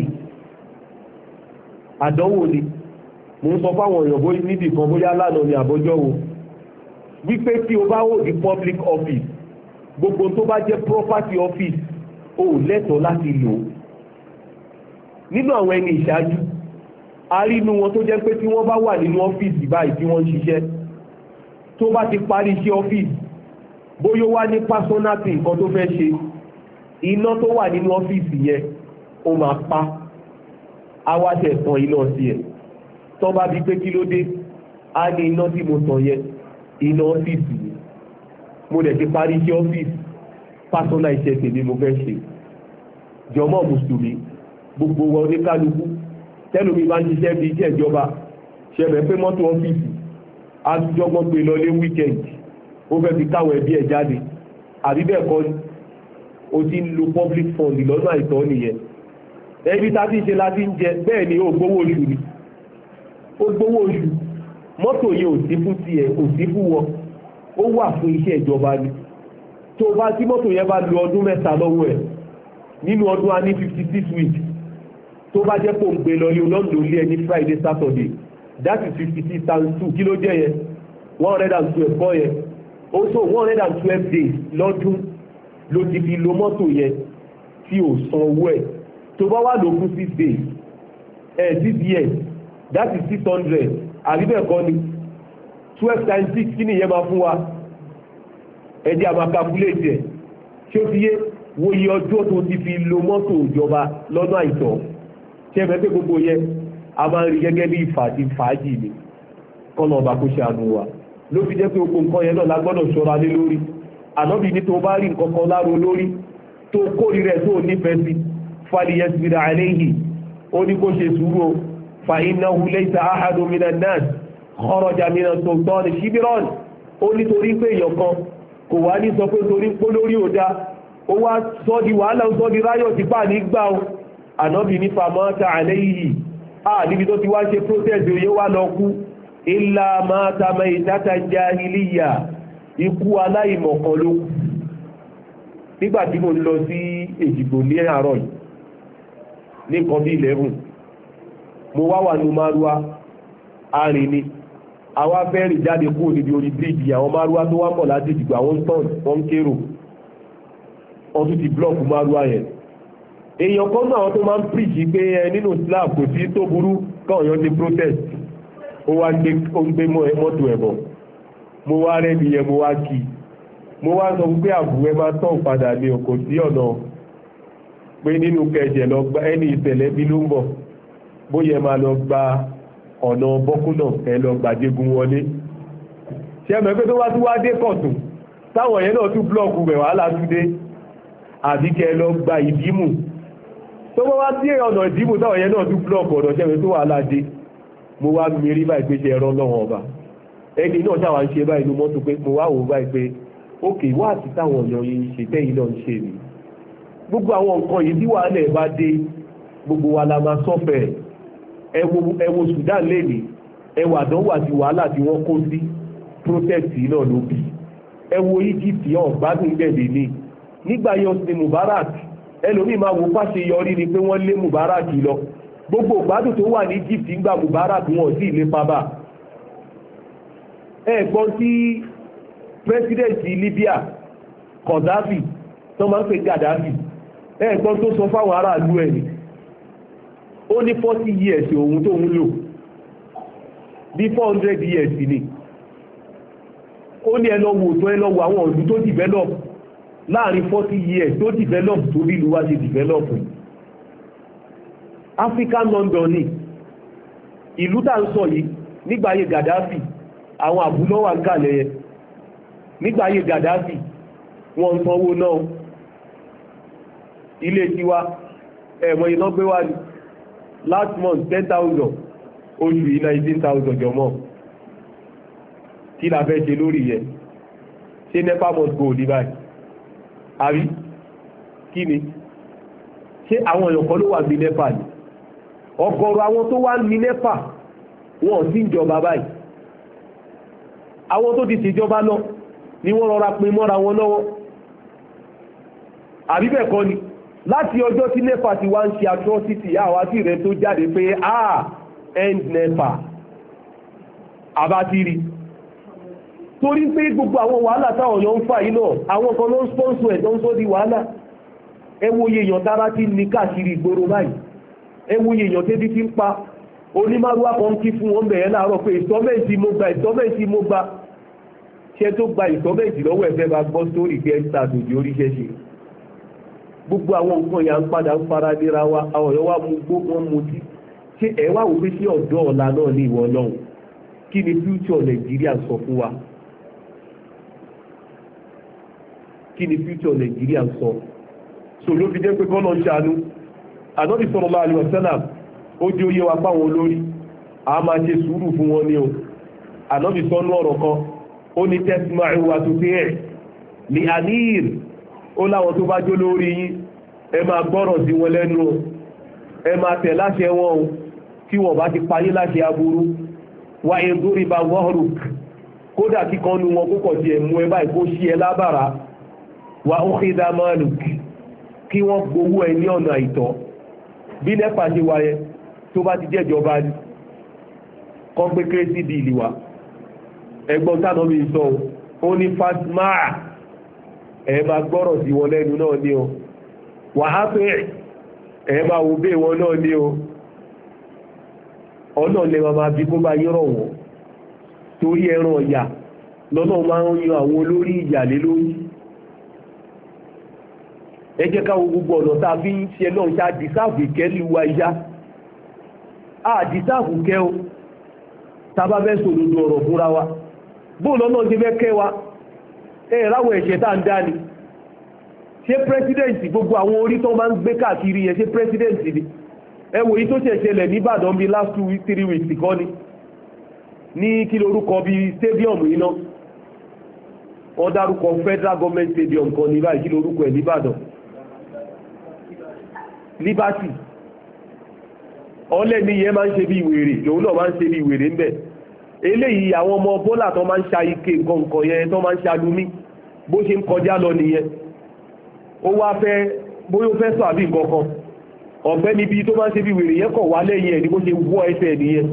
àdánwò ni mo ń sọ fáwọn èèyàn bó níbì kan bóyá lánàá ni àbọ́jọ́ wo wípé tí o bá wò ní public office gbogbo tó bá jẹ́ property office ó lẹ́tọ̀ọ́ láti lò nínú àwọn ẹni ìṣáájú a rí inú wọn tó jẹ́ pé tí wọ́n bá wà nínú ọ́fíìsì báyìí tí wọ́n ń ṣiṣẹ́ tó bá ti parí iṣẹ́ ọ́fíìsì bóyá wá ní pásọ́nàtì nǹkan tó fẹ́ ṣe iná tó wà nínú ọ́fíìsì yẹn ó máa pa á wá tẹ̀ tán iná sí ẹ̀ tó bá bí pé kí ló dé á ní iná tí mo tàn yẹn iná ọ́fíìsì yẹn mo dẹ̀ ti parí iṣẹ́ ọ́fíìsì pásọ́nà iṣẹ́ tèmi mo fẹ́ ṣe jọmọ́ mùsùlùmí gbogbo wọn oníkálukú tẹ́lómi bá ń ṣiṣẹ́ bíi iṣẹ́ ìjọba ṣẹlẹ̀ pé mọ́tò ọ́fíìsì àtijọ́gbọ́n pé lọlé wíkẹ́ǹdì ó fẹ́ fi káwọn ẹbí ẹ̀ jáde àbí bẹ́ẹ̀ kọ́ o ti ń lo public fund lọ́nà àìtọ́ nìyẹn ẹbí tá a ti ń ṣe láti ń jẹ bẹ́ẹ̀ ni ó gbowó oṣù ni ó gbowó oṣù mọ́tò yẹn ò sí fún tiẹ̀ ò sí fún wọn ó wà fún iṣẹ́ ìjọba ni tó bá tí mọ́tò yẹn bá lo ọdún mẹ́ta lọ́wọ́ ẹ̀ nínú ọdún a ní fifty six weeks tó bá jẹ́ pò ń gbé lọ ní london lé ẹni friday saturday that is fifty six times two kí ló jẹ́ yẹn one hundred and twelve kọ́ yẹn ó one hundred and twelve days lọ́dún ló ti fi lo mọ́tò yẹn tí ò san owó ẹ̀ tó bá wà lókun six days ẹ̀ six that is six hundred àbíbẹ̀kọ́ ni twelve times six kí nìyẹn máa fún wa ẹ̀jẹ̀ àmà calculate ẹ̀ ṣé ó ti yé wo iye ọjọ́ tó ti fi lo mọ́tò ìjọba lọ́dún àìsàn tẹ́mẹ́ pé gbogbo yẹn a máa rí gẹ́gẹ́ bí ìfà àti fàájì ni kọ́nà ọba kó ṣe àánú wa ló fi jẹ́ pé gbogbo nǹkan yẹn náà la gbọ́dọ̀ ṣọ́ra lé lórí ànábì ní tó bá rí nǹkan kan láro lórí tó kórìí rẹ̀ tó nífẹ̀ẹ́ sí faliyasbira alayhi ó ní kó ṣe sùúrù o fa innahu laysa ahadun minan nas kharaja mina sultani shibran ó nítorí pé èèyàn kan kò wá ní sọ pé torí pé lórí ò dáa ó wá sọ́ di wàhálà ó sọ́ di ráyọ̀ tí bá ní ànábì nípa mọ́ta àlẹ́yìí a níbi tó ti wá ṣe protest oyé wá lọ kú ilá mọ́ta mẹ́ìtàtà jahiliya ikú aláìmọ̀kan ló kú nígbà tí mo lọ sí èjìgbò ní àárọ̀ yìí ní nǹkan bí eleven mo wá wà nù márúwá arìn ni àwa fẹ́ rìn jáde kúrò níbi orí bíríìjì àwọn márúwá tó wá pọ̀ láti èjìgbò àwọn stone wọn ń kérò wọn tún ti blọọkù márúwá yẹn èèyàn kan náà àwọn tó máa ń píríjì pé ẹ nínú Islam kò sí tó burú káwọn yàn ti protest ó wá gbé ó ń gbé mọ́tò ẹ̀ bọ̀ mo wá rẹ́ni yẹn mo wá kì í mo wá sọ pé àbú ẹ máa tán padà ní ọkọ̀ sí ọ̀nà pé nínú kẹjẹ̀ lọ gba ẹni ìṣẹ̀lẹ̀ bí ló ń bọ̀ bóyẹ máa lọ gba ọ̀nà bọ́kúnà ẹ lọ gbàdégún wọlé ṣé pé tó wá tún wá dé kọ̀tún táwọn yẹn náà tún búlọ̀kù rẹ̀ wàhálà tún dé àbí kẹ lọ gba ìdímù tó bọ́ wá sí ọ̀nà ìdìbò táwọn yẹn náà dún blọọkù ọ̀nà jẹ́mi tó wà aládé mo wá mérí báyìí pé ṣe ẹ̀rọ lọ́wọ́ ọba ẹni náà ṣàwọn ṣe báyìí ló mọ́tò pé mo wá wò báyìí pé ókè wá àti táwọn ọ̀nà yìí ṣe tẹ́yìn náà ń ṣe mí gbogbo àwọn nǹkan yìí bí wàhálà ẹ̀ bá dé gbogbo wa la máa sọ́fẹ̀ẹ́ ẹ wo Sudan lẹ́nìí ẹ wo àdánwò àti wàhálà tí wọ́n kó sí protest náà ló bì ẹ wo Egypt ọ̀gbádùn ìgbẹ̀lẹ̀ ní nígbà ẹlòmíì máa wò pàṣẹ yọrí ni pé wọ́n lé Mubarak lọ gbogbo ìgbádùn tó wà ní Egypt ń gba Mubarak wọn sí ilé pàbà ẹ gbọ́ sí pírẹsidẹ́ǹtì Libya Gaddafi tó máa ń pè Gaddafi ẹ gbọ́ tó sọ fáwọn aráàlú ẹ̀ ni ó ní forty years òun tó ń lò bí four hundred years ni ó ní ẹ lọ wò tó ẹ lọ wò àwọn ọdún tó develop láàrin forty years tó develop tó bí ìlú wa develop African London ni ìlú tá ń sọ yìí nígbà ayé Gaddafi àwọn àbúlọ́ wà ń kàlẹ̀ yẹn nígbà ayé Gaddafi wọ́n ń sanwó náà ilé tiwa ẹ̀wọ̀n iná gbé wá ní last month ten thousand oṣù yìí nineteen thousand jọmọ́ kí la fẹ́ ṣe lórí yẹn ṣé nepa must go ní àrí kí ni ṣé àwọn èèyàn kan ló wà ní nẹ́pà ni ọ̀gọ̀rọ̀ àwọn tó wá ní nẹ́pà wọn sí ìjọba báyìí àwọn tó ti ṣèjọba lọ ni wọ́n rọra pin mọ́ra wọn lọ́wọ́ àbí ni láti ọjọ́ tí nẹ́pà ti wá ń ṣe atrocity àwa tí rẹ tó jáde pé ah end nẹ́pà àbá torí pé gbogbo àwọn wàhálà táwọn yọ ń fà yìí náà àwọn kan ló ń sponsor ẹ̀ ń di wàhálà ẹ wo èèyàn tára ti ní káàkiri ìgboro báyìí ẹ wo iye èèyàn tẹ́bí ti ń pa onímàrúwá kan kí fún wọn bẹ̀rẹ̀ láàárọ̀ pé ìsọ́mẹ̀ǹtì mo gba ìsọ́mẹ̀ǹtì mo gba ṣe tó gba ìsọ́mẹ̀ǹtì lọ́wọ́ ẹ̀fẹ́ bá gbọ́ sórí àdòdì oríṣẹ́ṣe gbogbo àwọn kí ni future nàìjíríà ń sọ so ló fi jẹ́ pé kọ́ lọ ń ṣàánú ànábì sallallahu alaihi wasallam ó jẹ́ oyé wa páwọn olórí a máa ṣe sùúrù fún wọn ni o ànábì sọnú ọ̀rọ̀ kan ó ní tasma'u wa tuti'u ní amir ó láwọn tó bá jó lórí yín ẹ máa gbọ́rọ̀ sí wọn lẹ́nu o ẹ máa tẹ̀ láṣẹ wọn o tí wọn bá ti parí láṣẹ aburú wa in duriba zahruk kódà kíkan nu wọn kó kọ̀ mú ẹ báyìí kó ṣí ẹ lábàrá wà ó kí dá kí wọ́n gbowó ẹ ní ọ̀nà àìtọ́ bí nẹ́pà ṣe wà yẹn tó bá ti jẹ́jọba ni kọ́ pé kérésì di ìlú wa ẹgbọ́n táná mi sọ ó ní fatima ẹ máa gbọ́rọ̀ sí wọn lẹ́nu náà ni o wàá pé ẹ máa wo bẹ́ẹ̀ wọn náà ni o ọ̀nà lè máa fi kó bá yọ̀rọ̀ wọ̀ torí ẹran ọ̀yà lọ́nà máa ń yan àwọn olórí ìyàlé ẹ jẹ́ ká wo gbogbo ọ̀nà tá a fi ń ṣe lọ́run ṣá dìsáàfù ìkẹ́ lù wá ìyá a kẹ́ o tá a sòdodo ọ̀rọ̀ fúnra wa bóòlù ọlọ́run ti fẹ́ kẹ́ wa ẹ ráwọ̀ ẹ̀ṣẹ̀ tá ń dá ni ṣé pírẹsidẹ́ǹtì gbogbo àwọn orí tó máa ń gbé káàkiri yẹn ṣé pírẹsidẹ́ǹtì ni ẹ wòye tó ṣẹ̀ ṣẹlẹ̀ nìbàdàn bíi last two weeks three weeks kọ́ ni ní kí lorúkọ bíi stadium yìí náà wọ́n dárúkọ federal government stadium kan ní báyìí kí lorúkọ ẹ̀ nìbàdàn liberty ọlẹ́ ní yẹn máa ń ṣe bí wèrè lòun náà máa ń ṣe bí wèrè ńbẹ̀ eléyìí àwọn ọmọ bọ́là tó máa ń ṣa ike gọ̀ǹkọ̀ yẹn tó máa ń ṣa lumi bó ṣe ń kọjá lọ nìyẹn ó wá fẹ́ bóyá ó fẹ́ sọ àbí nǹkan kan ọ̀gbẹ́ níbi tó máa ń ṣe bí wèrè yẹn kọ̀ wá lẹ́yìn ẹ̀ ní bó ṣe wọ́ ẹsẹ̀ nìyẹn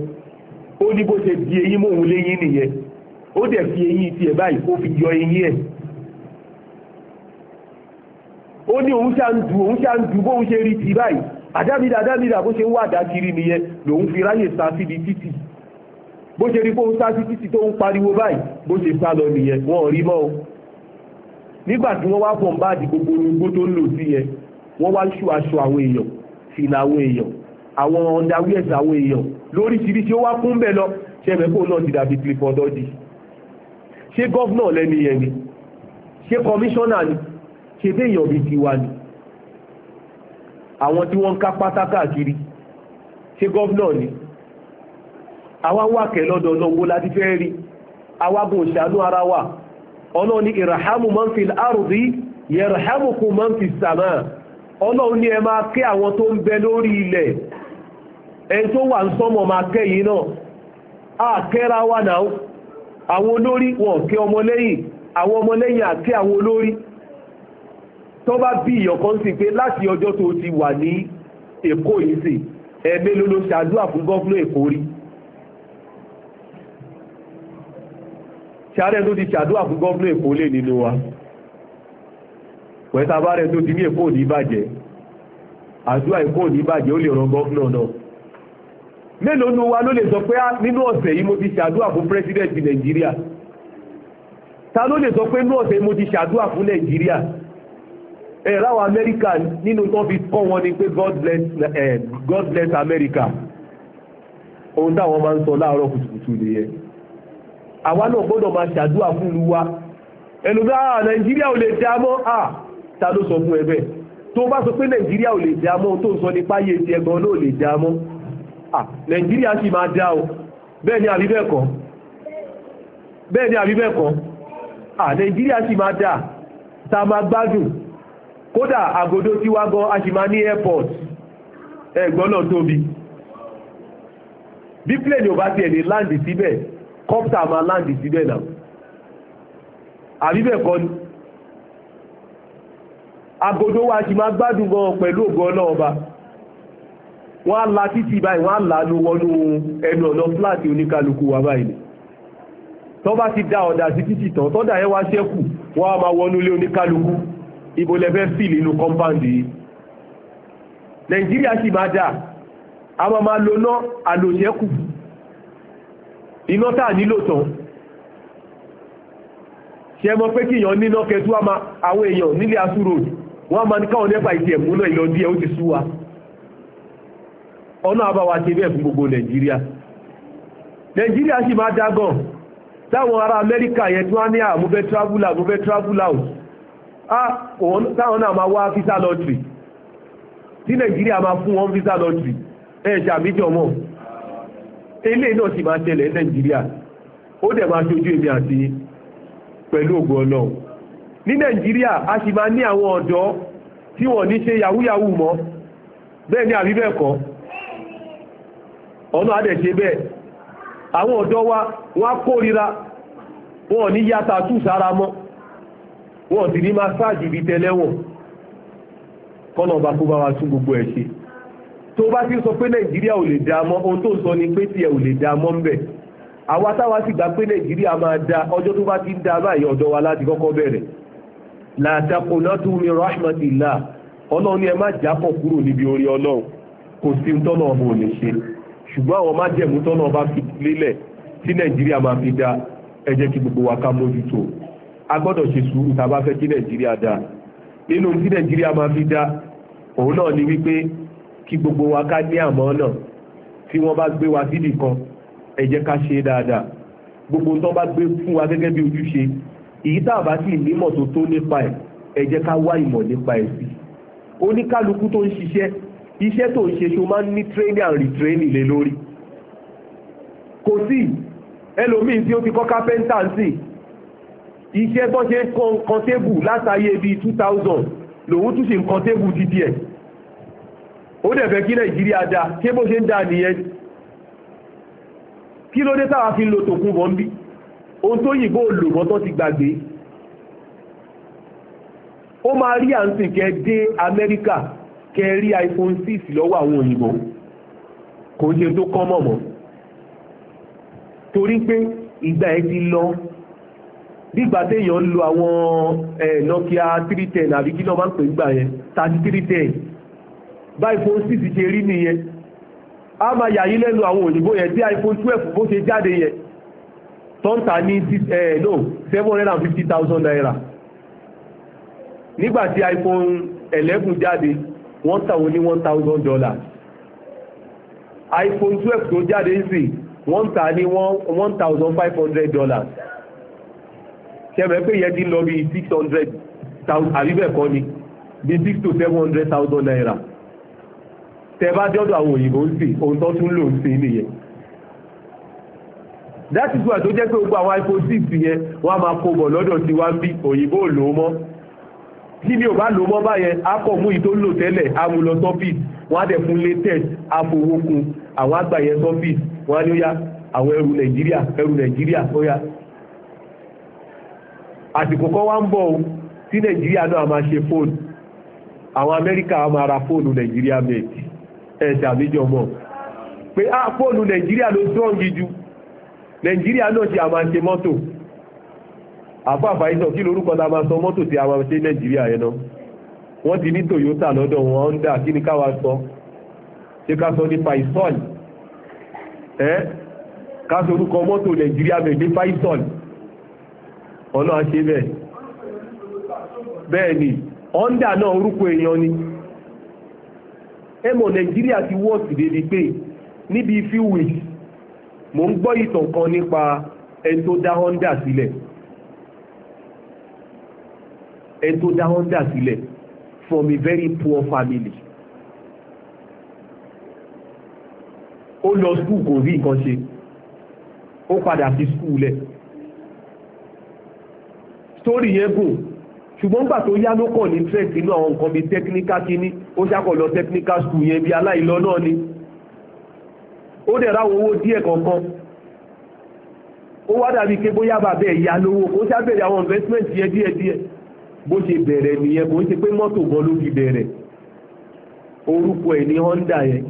ó ní bó ṣe di eyín mòun léyìn nìyẹn ó dẹ̀ fi eyín tiẹ̀ báyìí ó fi yọ eyín ẹ̀ ó ní òun ṣá ń du òun ṣá ń du bóun ṣe rí ti báyìí àdámídà àdámídà bó ṣe ń wà dákiri nìyẹn lòun fi ráyè sá síbi títì bó ṣe rí pé ó sá sí títì tó ń pariwo báyìí bó ṣe sá lọ nìyẹn wọn ò rí mọ́ o nígbà tí wọ́n wá pọ̀ ń bá àdì gbogbo onígbó tó ń lò sí yẹn wọ́n wá ń ṣú aṣọ àwọn èèyàn fìlà àwọn èèyàn àwọn ọ̀ndàwíẹ̀sì àwọn èèyàn lóríṣiríṣi ó wá kún bẹ́ẹ̀ lọ ṣẹ́fẹ̀ kó náà ti dàbí Clifford Odoi ṣé gọ́fúnà lẹ́ni yẹn ni ṣé kọmíṣánná ni ṣe béèyàn bíi tiwa ni àwọn tí wọ́n ń ká pátá káàkiri ni àwa wà kẹ́ lọ́dọ̀ ọlọ́wọ́ láti fẹ́ rí àwa bò ara wa ọlọ́run ní ìràhámù máa ń fi àrùbí yẹ̀ràhámù kù máa ń fi sàmà ọlọ́run ní ẹ máa kẹ́ àwọn tó ń bẹ lórí ilẹ̀ ẹni tó wà ń sọ́mọ̀ máa kẹ́ yìí náà àkẹ́ra wa náà àwọn olórí wọn kẹ́ ọmọlẹ́yìn àwọn ọmọlẹ́yìn àwọn olórí tó bá bí ìyọ̀kan sí pé láti ọjọ́ tó ti wà ní èkó yìí sí ẹ̀ẹ́mẹ́ ló ló ṣàdúrà fún gọ́ọ̀fúnlẹ̀ èkó rí ṣàárẹ̀ tó ti ṣàdúrà fún gọ́ọ̀fúnlẹ̀ èkó lè nínú wa pẹ̀ta bá rẹ̀ tó ti ní èkó ní ìbàjẹ́ àdúrà èkó ní ìbàjẹ́ ó lè ran gọ́ọ̀fúnlẹ̀ náà mélòó nu wa ló lè sọ pé ah, nínú ọ̀sẹ̀ yìí mo ti ṣàdúrà fún pírẹ́sídẹ̀ntì nàìjíríà ta ló lè sọ pé nínú ọ̀sẹ̀ yìí mo ti ṣàdúrà fún nàìjíríà ẹ̀ráwọ̀ eh, Amẹ́ríkà nínú tó fi kọ́ wọn ni pé God bless, eh, God bless America ohun táwọn máa ń sọ láàárọ̀ kùtùkùtù nìyẹn àwa náà gbọ́dọ̀ máa ṣàdúrà fún ìlú wa ẹlùmí àà ah, Nàìjíríà ò lè tẹ́ amọ́ à ah, ta ló sọ fún ẹbẹ̀ tó bá sọ pé Nàìjíríà ò lè tẹ́ amọ́ tó ń sọ nípa yé ti ẹgbọ́n náà lè tẹ́ amọ́ à ah, Nàìjíríà sì máa dá o bẹ́ẹ̀ ni àbí bẹ́ẹ̀ kọ́ bẹ́ẹ̀ ni àbí bẹ́ẹ̀ kọ́ à Nàìjíríà sì máa dá ta máa gbádùn kódà àgòdó tí wá gan a ní airport ẹ̀gbọ́n náà tóbi bí plane ò bá tiẹ̀ lè láǹdì síbẹ̀ kọ́pítà máa láǹdì síbẹ̀ náà àbí kọ́ ni àgòdó wa sì máa gbádùn gan pẹ̀lú ògùn ọlọ́ọba wọ́n á la títì báyìí wọ́n á lànú wọnú ẹnu ọ̀nà fúláàtì oníkálukú wa báyìí tó bá ti da ọ̀dà sí títì tán tọ́dà yẹn wá ṣẹ́kù wọ́n á máa wọnú ilé oníkálukú ibo lẹ́fẹ́ fìl inú kọ́mpáǹdì yìí nàìjíríà sì máa dà a máa máa lo náà àlòṣẹ́kù iná tà nílò tán ṣe mọ́ pé kí èèyàn níná kẹtù àwọn èèyàn nílé asú road wọ́n máa ní káwọn nípa ìtì ẹ̀mú náà ìlọ́dí ẹ̀ ó ti sú wa ọ̀nà àbáwá ṣe bẹ́ẹ̀ fún gbogbo nàìjíríà nàìjíríà sì máa dá gan táwọn ará amẹ́ríkà yẹn tí wọ́n ní àmúfẹ́ travel out Ah, táwọn náà máa wá visa lottery tí nàìjíríà máa fún wọn visa lottery ẹ̀ẹ́jà méjọ mọ́ ilé náà sì máa ṣẹlẹ̀ nàìjíríà ó dẹ̀ máa ṣojú èmi àti pẹ̀lú ògùn ọ̀nà. ní nàìjíríà a sì máa ní àwọn ọ̀dọ́ tí wọ́n ní ṣe yahoo mọ́ bẹ́ẹ̀ ni àbí bẹ́ẹ̀ kọ́ ọ̀nà àdẹ̀ṣe bẹ́ẹ̀ àwọn ọ̀dọ́ wa wọ́n á kórira wọ́n ní yàtà tù sára mọ́ wọ́n ti ní máa sáàjì ibi tẹ́lẹ́wọ̀n kọ́nà ọba kó bá wa tún gbogbo ẹ̀ ṣe tó bá ti sọ pé nàìjíríà ò lè dá mọ́ ohun tó sọ ni pé tiẹ̀ ò lè dá mọ́ ń bẹ̀ àwa táwa sì gbà pé nàìjíríà máa da ọjọ́ tó bá ti ń da báyìí ọ̀dọ̀ wa láti kọ́kọ́ bẹ̀rẹ̀ làtàkùn náà tún mi rahmatillah ọlọ́run ni ẹ má jápọ̀ kúrò níbi orí ọlọ́run kò sí tọ́nà ọba ò lè ṣe ṣùgbọ́n àwọn májẹ̀mú a gbọ́dọ̀ ṣe sùúrù tá a bá fẹ́ kí nàìjíríà dáa nínú tí nàìjíríà máa fi dá òun náà ni wípé kí gbogbo wa ká ní àmọ́ náà tí wọ́n bá gbé wa síbì kan ẹ jẹ́ ká ṣe dáadáa gbogbo tó bá gbé fún wa gẹ́gẹ́ bí ojúṣe èyí tá a bá sì nímọ̀ tó tó nípa ẹ̀ ẹ ká wá ìmọ̀ nípa ẹ̀ sí oníkálukú tó ń ṣiṣẹ́ iṣẹ́ tó ń ṣe ṣo máa ń ní training and retraining lé lórí kò sí ẹlòmíì tí ó ti kọ́ kápẹ́ńtà ń sìn iṣẹ́ tó ṣe ń kan tébù látàyè bíi 2000 lòun tún sì ń kan tébù títí ẹ̀ ó dẹ̀ fẹ́ kí nàìjíríà dá ṣé bó ṣe ń dá nìyẹn kí ló dé táwa fi ń lo tòkun bọ̀ ń bí ohun tó yìnbó olùbọ́ tó ti gbàgbé ó máa rí àǹtí kẹ dé amẹ́ríkà kẹ rí iphone 6 lọ́wọ́ àwọn òyìnbó kò ń ṣe tó kọ́ mọ̀mọ́ torí pé ìgbà ẹ ti lọ nígbà téèyàn ń lo àwọn Nokia three ten àbí kí lọ́ọ́ máa ń pè nígbà yẹn thirty three ten báyìí iPhone six ṣe rí nìyẹn a máa yàyí lẹ́nu àwọn òyìnbó yẹn tí iPhone 12 bó ṣe jáde yẹn tọ́ǹtà ní seven hundred naira nígbà tí iPhone 11 jáde wọ́n tàwọn ní one dollars iPhone 12 tó jáde ń sìn wọ́n tà ní one dollars ṣẹ́mẹ̀ pé yẹn ti lọ bí six hundred thousand, bẹ́ẹ̀ kọ́ ni bí six to seven hundred thousand naira tẹ bá dọ́dọ̀ àwọn òyìnbó ń sè ohun tó tún lò ń sè nìyẹn that is why tó jẹ́ pé gbogbo àwọn iPhone six yẹn wọ́n á máa kó bọ̀ lọ́dọ̀ tí wá ń bí òyìnbó ò lò ó mọ́ tí mi ò bá lò ó mọ́ báyẹn á kọ̀ mú ìtó lò tẹ́lẹ̀ á mú lọ sọ́fíìsì wọ́n á dẹ̀ fún latest afowókun àwọn àgbà yẹn sọ́fíìsì wọ́n á ní ó yá àwọn ẹrù Nàìjíríà ẹrù Nàìjíríà ó yá àsìkò kan wá ń bọ̀ ohun tí nàìjíríà náà máa ṣe fóònù àwọn amẹ́ríkà a máa ra fóònù nàìjíríà mẹ́ẹ̀tì ẹ̀ṣẹ̀ àmìjọ mọ̀ pé á fóònù nàìjíríà ló strong ju nàìjíríà náà ṣe a máa ṣe mọ́tò àfáàfà ìsọ̀ kí lórúkọ la máa sọ mọ́tò tí a máa ṣe nàìjíríà yẹn náà wọ́n ti ní toyota lọ́dọ̀ honda kí ni káwa sọ ṣe ká sọ nípa ìsọ̀lì ẹ́ ká sọ orúkọ mọ́tò nàìjíríà mẹ́ẹ̀dẹ́ fáìsọ̀lì ọlọ́run ṣe bẹ́ẹ̀ bẹ́ẹ̀ ni ọ́ndà náà orúkọ èèyàn ni ẹmọ nàìjíríà ti wọ́ọ̀sì débi pé níbi few weeks mo ń gbọ́ ìtàn kan nípa ẹni tó dá honda sílẹ̀ ẹni tó dá honda sílẹ̀ from a very poor family ó lọ skul kò rí nǹkan ṣe ó padà fi skul lẹ̀ torí yẹn gùn ṣùgbọ́n gbà tó yá ló kàn ní interest nínú àwọn nǹkan bíi technical kínní ó ṣàkọ̀ lọ technical school yẹn bí aláìlọ náà ni ó dẹ̀ ráwọ̀ owó díẹ̀ kankan ó wá dàbí pé bóyá bàbá ẹ̀ ya lówó kó ṣàbẹ̀rẹ̀ àwọn investment yẹn díẹ̀díẹ̀ bó ṣe bẹ̀rẹ̀ nìyẹn kò ń ṣe pé mọ́tò gan ló fi bẹ̀rẹ̀ orúkọ ẹ̀ ní Honda yẹn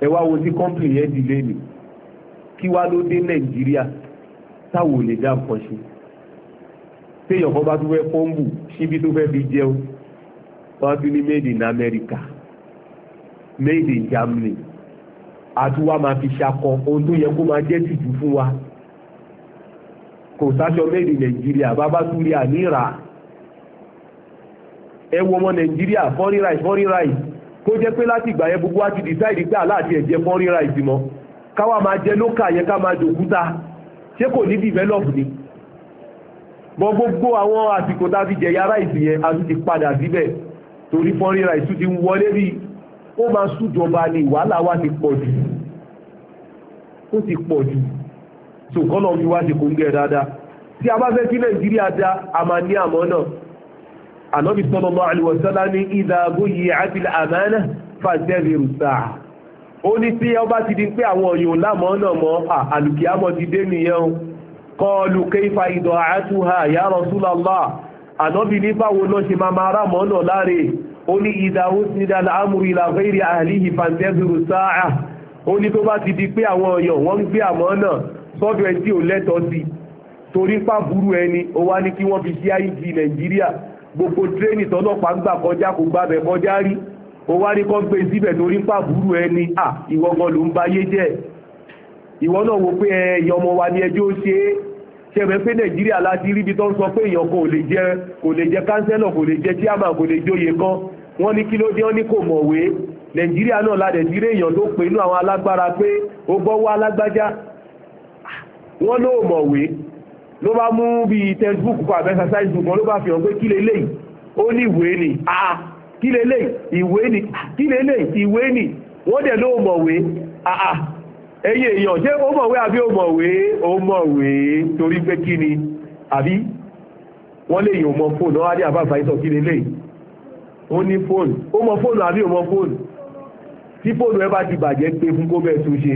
ẹ wá wo sí company yẹn dìlé ni kí wá ló dé Nàìjíríà táwọn ò lè dá nǹkan ṣe téèyàn kan bá tún fẹ́ fọ́ǹbù síbi tó fẹ́ fi jẹun wọ́n tún ní made in America made in Germany àtúwá máa fi ṣakọ ohun tó yẹ kó máa jẹ́ tìjú fún wa kò sáṣọ made in Nàìjíríà bàbá tún rí àníra ẹ wo ọmọ Nàìjíríà fọ́rí ráì fọ́rí ráì kó jẹ́ pé láti ìgbà yẹn gbogbo wa ti decide pé aláàtì ẹ̀jẹ̀ fọ́rí ráì sí mọ́ káwa máa jẹ lókà yẹn ká máa jòkúta ṣé kò ní develop ni bọ́ gbogbo àwọn àsìkò tá a ti jẹ yàrá ìsìn yẹn a tún ti padà síbẹ̀ torí fọ́nrẹ́ra ìsú ti ń wọlé bí ó máa sújọba ni wàhálà wa ti pọ̀ jù ó ti pọ̀ jù tó kọ́nà fi wá ṣe kò ń gẹ̀ dáadáa tí a bá fẹ́ kí nàìjíríà dá a máa ní àmọ́ náà ànábì sallallahu alaihi wasallam ní idha guyi'atil amana fa'taziru sa'a ó ní tí ọba ti di pé àwọn òyìn lámọ́ náà mọ́ àlùkìyàmọ́ ti dé nìyẹn kọlu kéfà ìdọ̀ àtúhà ya Rasulullah ànọ́bì ní báwo lọ ṣe máa máa rámọ́ náà láre ó ní ìdáwó sí dáadáa amúrú ìlà fẹ́rẹ̀ àhàlìhì pàǹtẹ́sìrù sáà ó ní tó bá ti di pé àwọn èèyàn wọ́n ń gbé àmọ́ náà sọ́dọ̀ ẹ tí ò lẹ́tọ̀ọ́ sí torí pàbúrú ẹni ìwọ náà wo pé ẹyọ ọmọ wa ni ẹjọ́ ṣe é ṣẹ̀mẹ̀ pé nàìjíríà láti ríbi tó ń sọ pé èèyàn kò lè jẹ kò lè jẹ kánsẹ́lọ̀ kò lè jẹ chairman kò lè jóye kan wọ́n ní kí ló dé wọ́n ní kò mọ̀wé nàìjíríà náà la nàìjíríà èèyàn ló pe inú àwọn alágbára pé ó gbọ́ wá alágbájá wọ́n ló mọ̀wé ló bá mú bí textbook kọ àbẹ́ exercise book ló bá fi hàn pé kí lè léyìí ó ní ìwé ni ah, kí lè léyìí ìwé ni ah, kí lè léyìí ìwé ni wọ́n dẹ̀ ló mọ̀wé ah, ẹyẹ èèyàn jẹ́ ó mọ̀wé àbí ó mọ̀wé ó mọ̀wé torí pé kí ni àbí wọ́n lè yìn ọmọ fóònù wọ́n á dé àbáfà ìsọ̀ kí lélẹ̀ ó ní fóònù ó mọ fóònù àbí ó mọ fóònù tí fóònù ẹ bá ti bàjẹ́ pé fún kó bẹ́ẹ̀ tún ṣe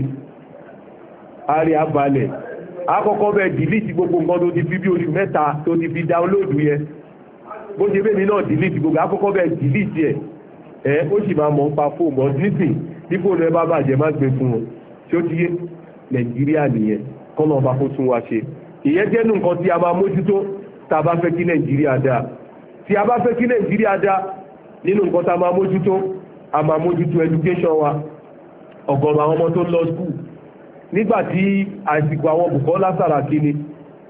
ààrẹ abalẹ̀ akọ́kọ́ bẹ́ẹ̀ dìlítì gbogbo nǹkan tó ti fi bí oṣù mẹ́ta tó ti fi dáúnlóòdù yẹn bó ṣe bẹ́ẹ̀ mi náà dìlítì gbogbo akọ́kọ́ bẹ́ẹ̀ dìlítì ẹ̀ ẹ́ ó sì máa mọ̀ ń pa fóònù ọ̀ tí fóònù ẹ bá bàjẹ́ má gbé fún wọn tí ó ti yé nàìjíríà nìyẹn kọ́nà ọba kó tún wa ṣe ìyẹn jẹ́nu nǹkan tí a máa mójútó tá a bá fẹ́ kí nàìjíríà dáa tí a bá fẹ́ kí nàìjíríà dáa nínú nǹkan tá a máa mójútó a máa mójútó education wa ọ̀gọ̀rọ̀ àwọn ọmọ tó lọ school nígbà tí àsìkò àwọn Bùkọ́lá Sàràkí ni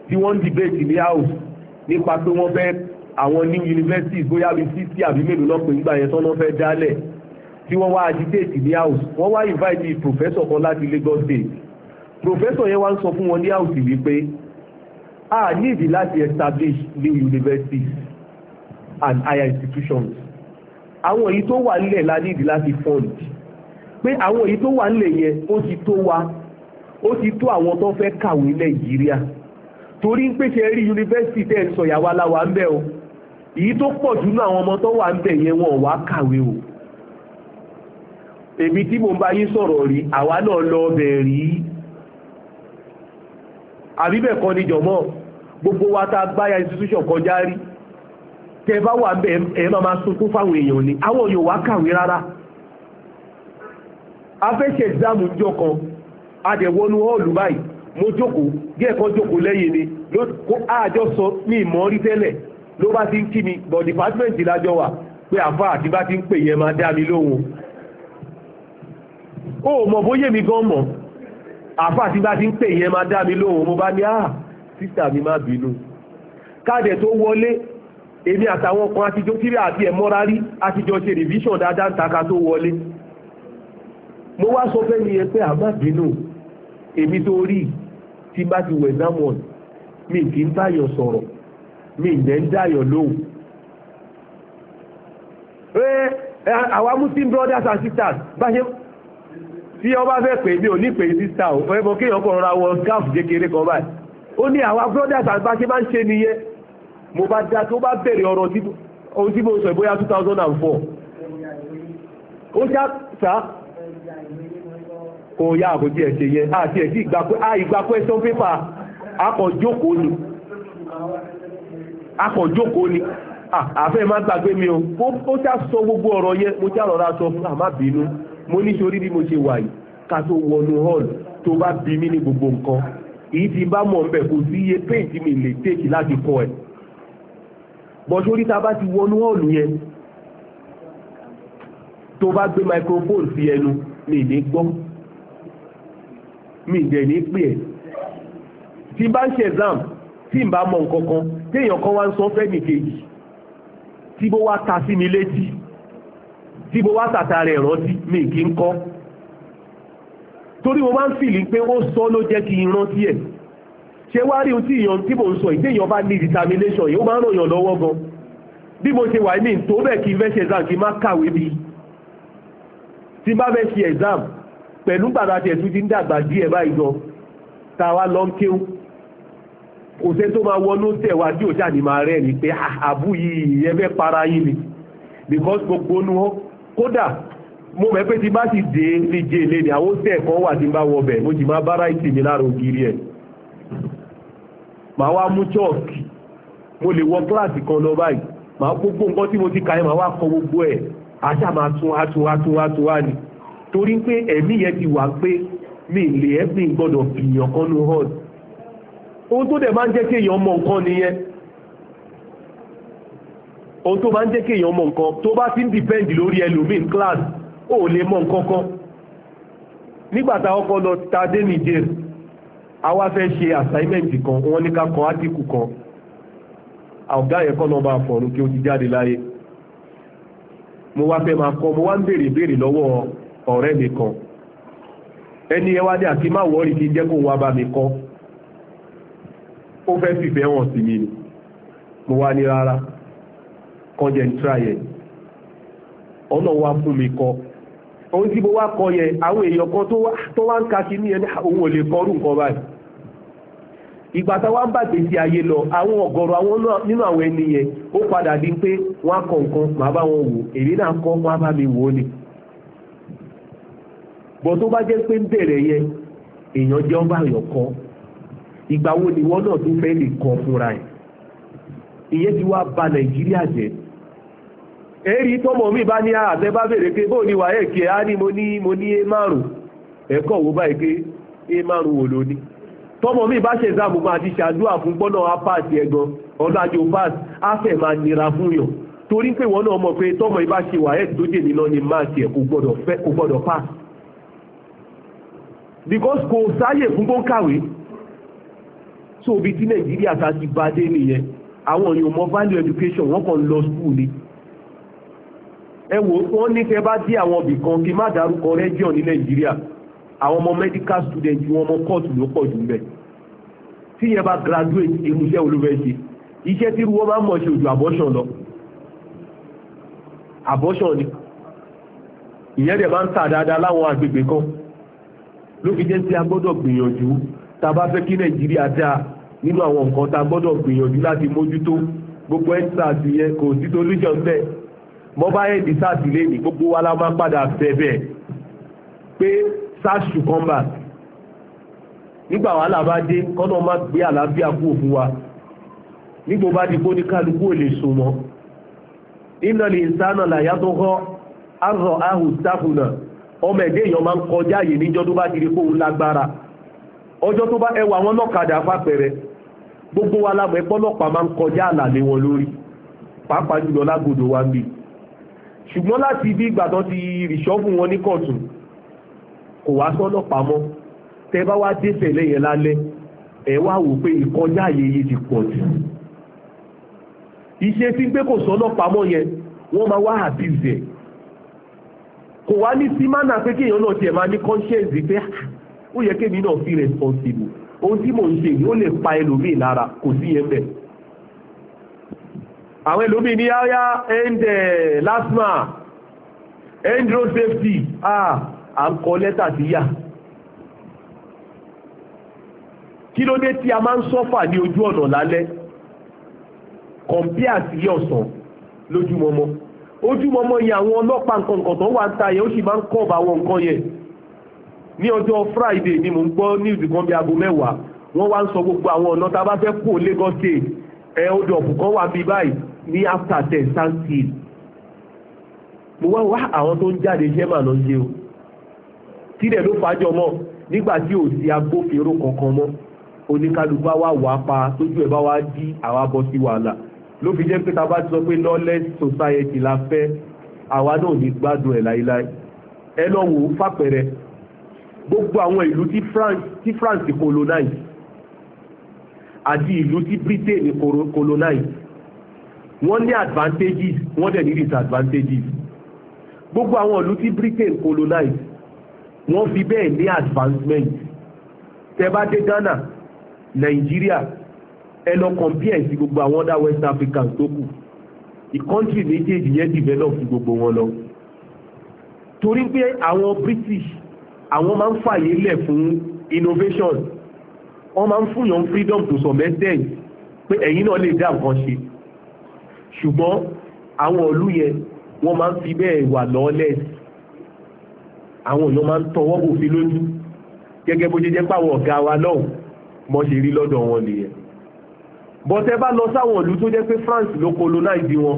tí wọ́n ń debate ní house nípa pé wọ́n fẹ́ àwọn new universities bóyá bíi sixty àbí mélòó lọ́pọ̀ nígbà yẹn tán fẹ́ dálẹ̀ tí wọ́n wá agitate ní house wọ́n wá invite professor kan láti Lagos State professor yẹn wá ń sọ fún wọn ní house wípé a níìdí láti establish new universities and higher institutions àwọn èyí tó wà nílẹ̀ la níìdí láti fund pé àwọn èyí tó wà nílẹ̀ yẹn ó ti tó wa ó ti tó àwọn tó fẹ́ kàwé Nàìjíríà torí ń pèsè rí yunifásitì tẹ́ ń sọ ìyàwó aláwa ń bẹ̀ o èyí tó pọ̀ jù náà àwọn ọmọ tó wà ń bẹ̀ yẹn wọn ò wá kàwé o èmi tí mo ń bá yín sọ̀rọ̀ rí àwa náà lọ bẹ̀ rí àbí bẹ́ẹ̀ kọ́ ni gbogbo wa tá a institution kọjá rí tẹ́ bá wà bẹ́ẹ̀ ẹ máa máa sunkún fáwọn èèyàn ni àwọn èèyàn wá kàwé rárá afẹ́ṣẹ̀ ìdáàmú jọ kan adẹ̀wọnú họ́ọ̀lù báyìí mo jókòó díẹ̀ kan jókòó lẹ́yìn ni ló kó àjọ sọ ní ìmọ̀ rí tẹ́lẹ̀ ló bá ti ń kí mi but department lájọ wà pé àfa àti bá ti ń pè yẹn máa dá mi lóhùn ó mọ̀ bóyé mi gan mọ̀ àfà tí bá ti ń pè yẹn máa dá mi lóhùn mo bá ní à ah, sísà mi má bínú káàdẹ̀ tó wọlé èmi àtàwọn kan àtijọ́ kiri àti ẹ̀mọ́ra rí àtijọ́ ṣe revision dáadáa ń taka tó wọlé mo wá sọ fẹ́ ni ẹ pé àmá ah, bínú èmi tó rí tí bá ti wẹ̀ dámọ̀n mi kì í báyọ̀ sọ̀rọ̀ mi ìdẹ́ ń dáyọ̀ lóhùn àwọn muslim brothers and sisters bá ṣe tí ọba fẹ́ pè mí ò ní pè sísá ò fẹ́ mọ kéèyàn kọ̀ rọra wọ gáàfù kékeré kan báyìí ó ní àwa brothers and bá ṣe máa ń ṣe nìyẹn mo bá dá tó bá bẹ̀rẹ̀ ọ̀rọ̀ ohun tí mo sọ ìbóyá two thousand and four ó ṣá sá kò yá àbójú ẹ̀ ṣe yẹ àti ẹ̀ sí ìgbà question paper akọ̀jókòó ni akọ̀jókòó ni àfẹ́ má gbàgbé mi o ó ṣá sọ gbogbo ọ̀rọ̀ yẹn mo ṣá rọra sọ fún àmàbínú mo nítorí bí mo ṣe wà yìí ká tó wọnú hall tó bá bí mí ní gbogbo nǹkan èyí tí bá mọ̀ nbẹ̀ kò sí iye pain tí mi lè tèkì láti kọ ẹ̀ bọ́sórí ta bá ti wọnú hall yẹn tó bá gbé microphone sí ẹnu mi ní gbọ́ mi dẹ̀ ní pè ẹ́ tí bá ń ṣe exam tí n bá mọ̀ nǹkan kan téèyàn kan wá ń sọ fẹ́ nìkejì tí bó wá ta sí mi létí tí mo wá tàta rẹ̀ rántí mi kì í kọ́ torí mo máa ń fìlì pé ó sọ ló jẹ́ kí n rántí ẹ̀ ṣé wá rí ohun tí èèyàn tí mò ń sọ ìdéèyàn bá ní determination yìí ó máa ń ràn yàn lọ́wọ́ gan bí mo ṣe wà ní tó bẹ́ẹ̀ kí fẹ́ exam kí n má kàwé bí tí n bá fẹ́ ṣe exam pẹ̀lú gbàgbà tiẹ̀ tún ti ń dàgbà díẹ̀ báyìí gan tá a wá lọ ń kéwù kò sẹ́ tó máa wọnú tẹ̀wá tí ò ṣàní máa rẹ́ ni pé ah, àbú yìí ìyẹn fẹ́ para yín ni because gbogbo nu wọn kódà mo mẹ́ pé ti bá sì dé lè jẹ́ ilé ni àwọn tẹ̀ kan wà tí bá wọ bẹ̀ mo sì máa bára ráìtì lára ògiri ẹ̀ màá wá mú chọ́ọ̀kì mo lè wọ kíláàsì kan lọ báyìí ma gbogbo nǹkan tí mo ti kà ẹ́ wá kọ gbogbo ẹ̀ àṣà máa tún atún atún atún wá ni torí pé ẹ̀mí yẹn ti wà pé mi lè ẹ́ pín gbọ́dọ̀ fìyàn ohun tó dẹ̀ máa ń jẹ́ kéèyàn mọ nǹkan nìyẹn ohun tó máa ń jẹ́ kí èèyàn mọ nǹkan tó bá ti ń dìpẹ́ǹdì lórí ẹlòmíín class ó lè mọ nǹkan kan nígbà tá lọ ta dé Niger fẹ́ ṣe assignment kan wọ́n ní ká kọ átíkù kan ọ̀gá yẹn kọ́ náà bá fọ̀rùn kí ó ti jáde láyé mo wá fẹ́ máa kọ́ mo wá ń béèrè béèrè lọ́wọ́ ọ̀rẹ́ mi kan ẹni ẹ wá dé àti má wọ́ọ̀rì kí jẹ́ kó wá bá mi kọ́ ó fẹ́ fìfẹ́ hàn sí mi ni mo wá ní rárá kan jẹ́ ń tra wa fún mi kọ, ohun tí mo wá kọ yẹ àwọn èèyàn kan tó wá ń ka kí ní ẹni òun ò lè kọrú nǹkan báyìí ìgbà táwa ń bàgbé sí ayé lọ àwọn ọ̀gọ̀rọ̀ nínú àwọn ẹni yẹn ó padà di pé wọ́n á kọ màá bá wọn wò èmi náà kọ́ wọ́n á mi wò ó ni bọ́ bá jẹ́ pé ń bẹ̀rẹ̀ yẹn èèyàn jẹ́ ọba àyàn kọ́ ìgbà wo ni wọ́n náà bà Nàìjíríà jẹ́ èrí tọ́mọ̀ mi bá ní ah, àtẹ́ bá bèèrè pé bóò ní wà ẹ̀ kí á ní mo ní mo ní é márùn ẹ̀kọ́ wo báyìí pé é márùn wò lóní tọ́mọ̀ mi bá ṣe ìzáàmù máa ti ṣàdúrà fún gbọ́nà apáàtì ẹ̀gan ọ̀dájọ́ pass á fẹ́ máa nira fún yàn torí pé wọn náà mọ̀ pé tọ́mọ̀ ibá ṣe wà tó jè nínú ni máa tiẹ̀ kò gbọ́dọ̀ fẹ́ pass because kò sáyè fún gbóǹkàwé so ibi tí nàìjíríà ta ti bá dé nìyẹn àwọn èèyàn mọ value education wọn kàn lọ school ni ẹ wò ó wọ́n ní kẹ́ bá dé àwọn ibì kan kí má dárúkọ rẹ́gíọ̀n ní nàìjíríà àwọn ọmọ medical student wọn ọmọ kóòtù ló pọ̀ jù ń bẹ̀ tí yẹn bá graduate irúṣẹ́ olúfẹ́ ṣe iṣẹ́ tí wọ́n máa ń ṣe òjò abortion lọ abortion ni ìyẹn dẹ̀ máa ń tà dáadáa láwọn agbègbè kan ló fi jẹ́ sí a gbọ́dọ̀ gbìyànjú tá a bá fẹ́ kí nàìjíríà dáa nínú àwọn nǹkan tá a gbọ́dọ̀ gbìyànjú láti mójútó gbogbo ẹ̀ ń yẹn kò sí solution bẹ́ẹ̀ bọ́ bá yẹ di sars lé ní gbogbo wa la máa padà bẹ̀bẹ̀ pé sars should come back nígbà wàhálà bá dé kọ́nà má gbé àlàáfíà kú òfin wa nígbò bá di kó ní kálukú ò lè sùn mọ́ iná lè sánà làyà tó kọ́ àrùn àhùn sáfùnà ọmọ ẹ̀dẹ́ èèyàn máa ń kọjá yìí níjọ́ tó bá di kó ń lágbára ọjọ́ tó bá ẹwà wọn lọ́kadà fàpẹ̀rẹ̀ gbogbo wa lámọ̀ ẹgbọ́n lọ́pàá máa ń kọjá àlàlé wọn lórí pàápàá jùlọ lágbòdo wa ń bì í ṣùgbọ́n láti ibi ìgbà tó ti rìṣọ́ọ̀bù wọn ní kọ̀tún kò wá sọ́nà pamọ́ tẹ́ bá wá dé tẹ̀lé yẹn lálẹ́ ẹ wá wò pé ìkọjá ayẹyẹ ti pọ̀ jù ìṣe tí ń pé kò sọ́nà pamọ́ yẹn wọ́n máa wá àbíùs ẹ̀ kò wá ní sí mánà pé kéèyàn náà tiẹ̀ máa ní conscience pé ah, ó yẹ kémi náà fi responsible ohun tí mò ń ṣe yìí ó lè pa ẹlòmíì lára kò sí yẹn bẹ́ẹ̀ àwọn ẹlòmí ní yáyá end eh, lasma end road safety ah à ń kọ lẹ́tà sí yà kí ló dé tí a máa ń sọ́fà ní ojú ọ̀nà lálẹ́ kọ̀m̀píà sí ọ̀sán lójúmọmọ ojúmọmọ yẹn àwọn ọlọ́pàá nǹkan nǹkan tó wà ń ta yẹn ó sì máa ń kọ́ àwọn nǹkan yẹn ní ọjọ́ friday ni mo ń gbọ́ news kan bí aago mẹ́wàá wọ́n wá ń sọ gbogbo àwọn ọ̀nà tá a bá fẹ́ kó Lagos state ẹ̀ odò ọ̀pù wà bí báyìí ní after ten thanksgiving mo wá wá àwọn tó ń jáde iṣẹ́ mà lọ ṣe o tílẹ̀ ló fàájọ mọ́ nígbà tí ò sí agbófinró kankan mọ́ oníkálukú wa wà pa tójú ẹ̀ bá wá dí àwa bọ́ sí wàhálà ló fi jẹ́ pé ta bá ti sọ pé lawless society la fẹ́ àwa náà ní gbádùn ẹ̀ láíláí ẹ lọ wò ó fàpẹẹrẹ gbogbo àwọn ìlú tí France tí France colonize àti ìlú tí Britain colonize wọ́n ní advantages wọ́n dẹ̀ ní disadvantages gbogbo àwọn ìlú tí Britain colonize wọ́n fi bẹ́ẹ̀ ní advancement tẹ́ Ghana Nigeria, ẹ lọ compare sí gbogbo àwọn other West Africans tó kù country méjèèjì yẹn develop ju gbogbo wọn lọ torí pé àwọn British àwọn máa ń fàyè lẹ̀ fún innovation wọ́n máa ń fún yàn freedom to some extent pé ẹ̀yin náà lè dá nǹkan ṣe ṣùgbọ́n àwọn ìlú yẹn wọ́n máa ń fi bẹ́ẹ̀ wà lọ́ọ́lẹ̀ àwọn èèyàn máa ń tọwọ́ bòfin lójú gẹ́gẹ́ bó ṣe jẹ́ páwọn ọ̀gá wa lọ́hùn mọ́ ṣe rí lọ́dọ̀ wọn nìyẹn bọ́tẹ́ bá lọ sáwọn ìlú tó jẹ́ pé France ló colonize wọn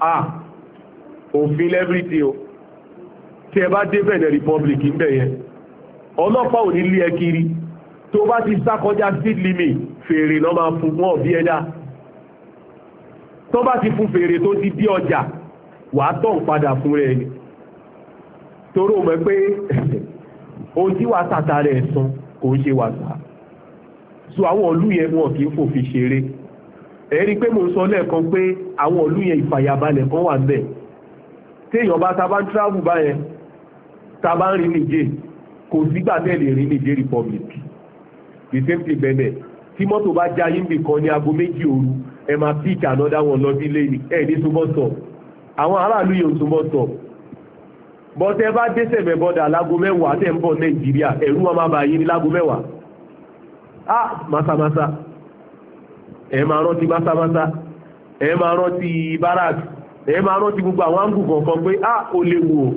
a, òfin lẹ́bírìtì o tí ẹ bá dé Benin Republic ń bẹ̀ yẹn ọlọ́pàá ò ní lé ẹ kiri tó bá ti sá kọjá speed limit fèrè lọ́ máa fún wọn bí ẹ dáa tó bá ti fún fèrè tó ti dí ọjà wàá tọ̀ padà fún rẹ̀ ni torí o mọ̀ pé ohun tí wàá tàta rẹ̀ sùn kò ń ṣe wàsà so àwọn ìlú yẹn wọn kì í fòfin ṣeré ẹ̀rí pé mo sọ lẹ́ẹ̀kan pé àwọn ìlú yẹn ìfàyàbalẹ̀ kan wà bẹ́ẹ̀ téèyàn bá ta bá ń travel báyẹn ta bá ń rí Niger kò sígbà tẹ́lẹ̀ rí Niger Republic the same thing bẹ́ẹ̀ tí mọ́tò bá já yín bì kan ní aago méjì òru ẹ máa píkì ànọ́dá wọn lọ sí ilé ni ẹ ní túbọ̀ sọ àwọn aráàlú yóò túbọ̀ sọ bọ́tẹ́ bá dẹ́sẹ̀ mẹ́bọ́dà lágo mẹ́wàá tẹ́ ń bọ̀ nàìjíríà ẹ̀rú wọn máa bá yín ní lágo mẹ́wàá á masamasa ẹ máa rántí masamasa ẹ máa rántí barak ẹ máa rántí gbogbo àwọn áńgù kọ̀ọ̀kan pé á ó léwu o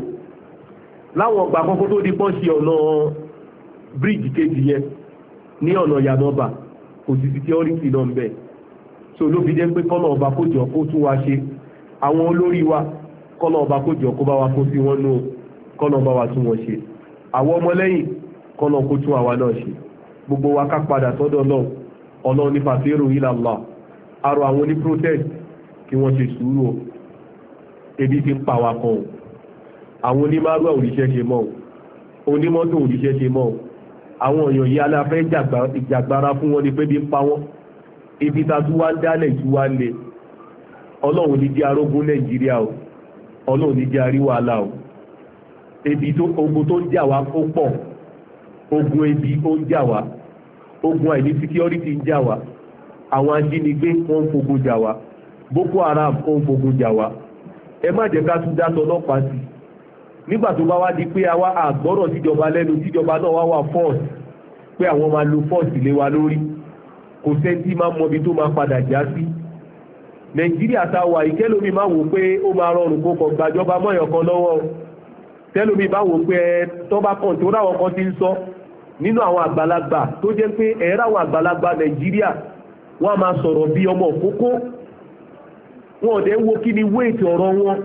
láwọn ọgbà kọ́kọ́ tó di pọ́ǹsì ọ̀nà bíríìjì kejì yẹn ní ọ̀nà ìyànà kò sì sí tíọ́rìtì náà ń bẹ́ẹ̀ so ló fi jẹ́ pé kọ́nà ọba kó jọ kó tún wa ṣe àwọn olórí wa kọ́nà ọba kó jọ kó bá wa kó sí wọn nú kọ́nà ọba wa tún wọn ṣe àwọn ọmọlẹ́yìn kọ́nà kó tún àwa náà ṣe gbogbo wa ká padà sọ́dọ̀ náà ọlọ́run ní fàfẹ́rù ila Allah arọ àwọn ní protest kí wọ́n ṣe sùúrù o ebi ti ń pa wa kan o àwọn onímọ̀rúwà òrìṣẹ́ ṣe mọ́ o onímọ́tò òrìṣẹ́ ṣe mọ́ o àwọn èèyàn yìí aláfẹ́ ìjàgbára fún wọn ni pé bí ń pa wọ́n ibi tàbí wá ń dálẹ̀ ju wá lè ọlọ́run ní jẹ́ arógún nàìjíríà o ọlọ́run ní jẹ́ aríwá alá o ebi tó ogun tó ń jà wá ó pọ̀ ogun ebi ó ń jà wá ogun àìní síkíọ́rítì ń jà wá àwọn ajínigbé wọ́n ń fogun jà wá boko haram ó ń fogun jà wá ẹ má jẹ́ ká tún dá sọ ọlọ́pàá sí nígbà tó bá wá di pé àwa àgbọ́rọ̀ síjọba lẹ́nu síjọba náà wá wà fọ́ọ̀sì pé àwọn máa lo fọ́ọ̀sì lé wa lórí kò sẹ́ńtì máa mọbi tó máa padà já sí nàìjíríà ta wà yìí kẹ́lómi máa wò pé ó máa rọrùn kó kàn gbàjọba mọ́yàn kan lọ́wọ́ kẹ́lómi bá wò pé tọ́ba kan tó ráwọn kan ti ń sọ nínú àwọn àgbàlagbà tó jẹ́ pé ẹ̀rọ àwọn àgbàlagbà nàìjíríà wọ́n máa sọ̀rọ̀ bí ọmọ òkókó wọn ò dẹ̀ wo kí ni wéètì ọ̀rọ̀ wọn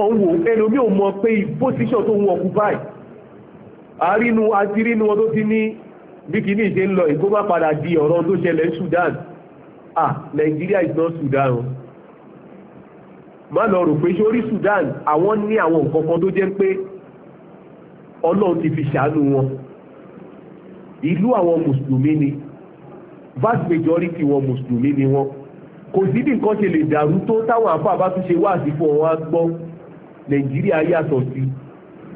ọ̀wọ̀ ẹlòmí ò mọ̀ pé position tó ń wọ̀ kú báyìí àrínú àtirínú ọdún ti ní bí kìíní ṣe ń lọ ìgò bá padà di ọ̀rọ̀ tó ṣẹlẹ̀ Sudan ah Nigeria is not Sudan o má lọ rò pé sórí Sudan àwọn ní àwọn nǹkan kan tó jẹ́ pé Ọlọ́run ti fi ṣàánú wọn ìlú àwọn mùsùlùmí ni vast majority wọn mùsùlùmí ni wọn kò sí bí nǹkan ṣe lè dàrú tó táwọn àfáà bá tún ṣe wá àsìkò wọn á gbọ́ Nàìjíríà yàtọ̀ sí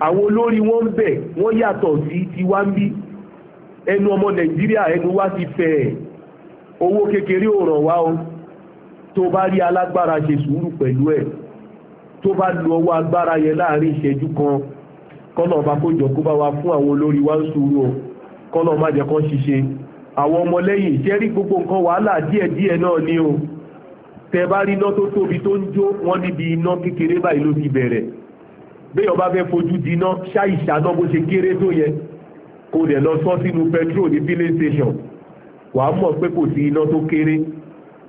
àwọn olórí wọn ń bẹ̀ wọ́n yàtọ̀ sí tiwa ń bí ẹnu ọmọ nàìjíríà ẹnu wa ti fẹ̀ owó kékeré ò ràn wá o tó bá rí alágbára ṣe sùúrù pẹ̀lú ẹ̀ tó bá lu ọwọ́ agbára yẹn láàrin ìṣẹ́jú kan kọ́nà ọba kó jọ kó bá wa fún àwọn olórí wa ń sùúrù o kọ́nà má jẹ́ kán ṣiṣẹ́ àwọn ọmọlẹ́yìn ìṣẹ́rí gbogbo nǹkan wàhálà díẹ̀díẹ̀ náà ni o tẹ bá rí iná tó tóbi tó ń jó wọ́n níbi iná kékeré báyìí ló ti bẹ̀rẹ̀ béèyàn bá fẹ́ fojú di iná ṣáìṣà bó ṣe kéré tó yẹ kó dẹ̀ lọ sọ sínú petrol ní filling station wà á mọ̀ pé kò sí iná tó kéré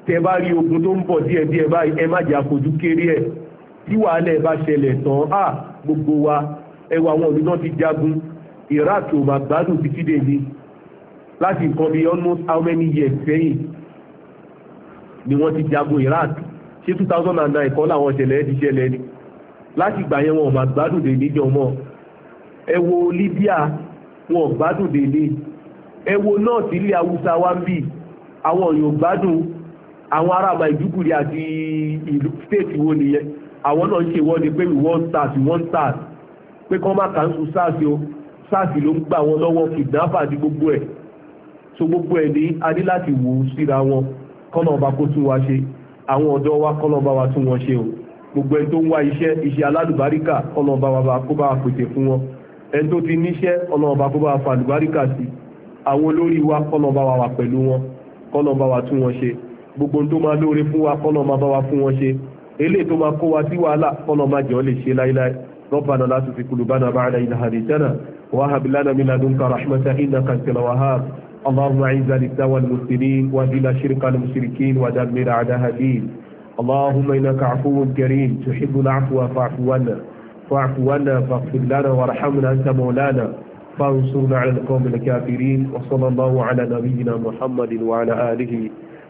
tẹ bá rí ogun tó ń bọ̀ díẹ̀ díẹ̀ báyìí ẹ má jà fojú kéré ẹ̀ tí wàhálẹ̀ bá ṣẹlẹ̀ tán á gbogbo wa ẹwà àwọn òmìnà ti jagun Iraq ò mà gbádùn títí dèmi láti nǹkan bíi almost how many years sẹ́yìn ni wọ́n ti jagun Iraq ṣé two thousand and nine kọ́ làwọn ṣẹlẹ̀ ti ṣẹlẹ̀ ni láti ìgbà yẹn wọn ò mà gbádùn dèmi jọmọ́ ẹ wo Libya wọn ò gbádùn dédé ẹ wo náà tí ilé haúsá wa ń bì àwọn òyìn ò gbádùn àwọn ará Maiduguri àti ìlú stéètì wo nìyẹn àwọn náà ń ṣe wọ́n ni pé we SARS we SARS pé kọ́ má kà ń sun SARS o SARS ló ń gbà wọn lọ́wọ́ kìdínáfà àti gbogbo ẹ̀ so gbogbo ẹ̀ ní a ní láti wò ó síra wọn kọ́nà ọba kó tún wa ṣe àwọn ọ̀dọ́ wa kọ́nà ọba wa tún wọn ṣe o gbogbo ẹ̀ tó ń wá iṣẹ́ iṣẹ́ alálùbáríkà kọ́nà ọba wa kó bá wa pèsè fún wọn ẹni tó ti níṣẹ́ ọlọ́ọ̀bá kó bá fàlùbáríkà sí àwọn olórí wa kọ́nọ̀bá wa wà pẹ̀lú wọn kọ́nọ̀bá wa tún wọn ṣe gbogbo tó máa lóore fún wa kọ́nọ̀bá bá wa fún wọn ṣe eléyìí tó máa kó wa sí wàhálà kọ́nọ̀bá jọ lè ṣe láíláí ربنا لا تزغ قلوبنا بعد إذ هديتنا وهب لنا من لدنك رحمة إنك أنت الوهاب اللهم أعز الإسلام والمسلمين وأذل شرك المشركين ودمر أعداء الدين اللهم إنك عفو كريم تحب العفو فاعف عنا واعف عنا فاغفر لنا وارحمنا أنت مولانا فانصرنا على القوم الكافرين وصلى الله على نبينا محمد وعلى آله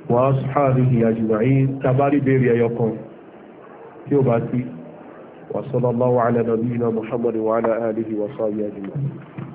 وأصحابه أجمعين تباري بيريا يقوم يوباتي وصلى الله على نبينا محمد وعلى آله وصحبه أجمعين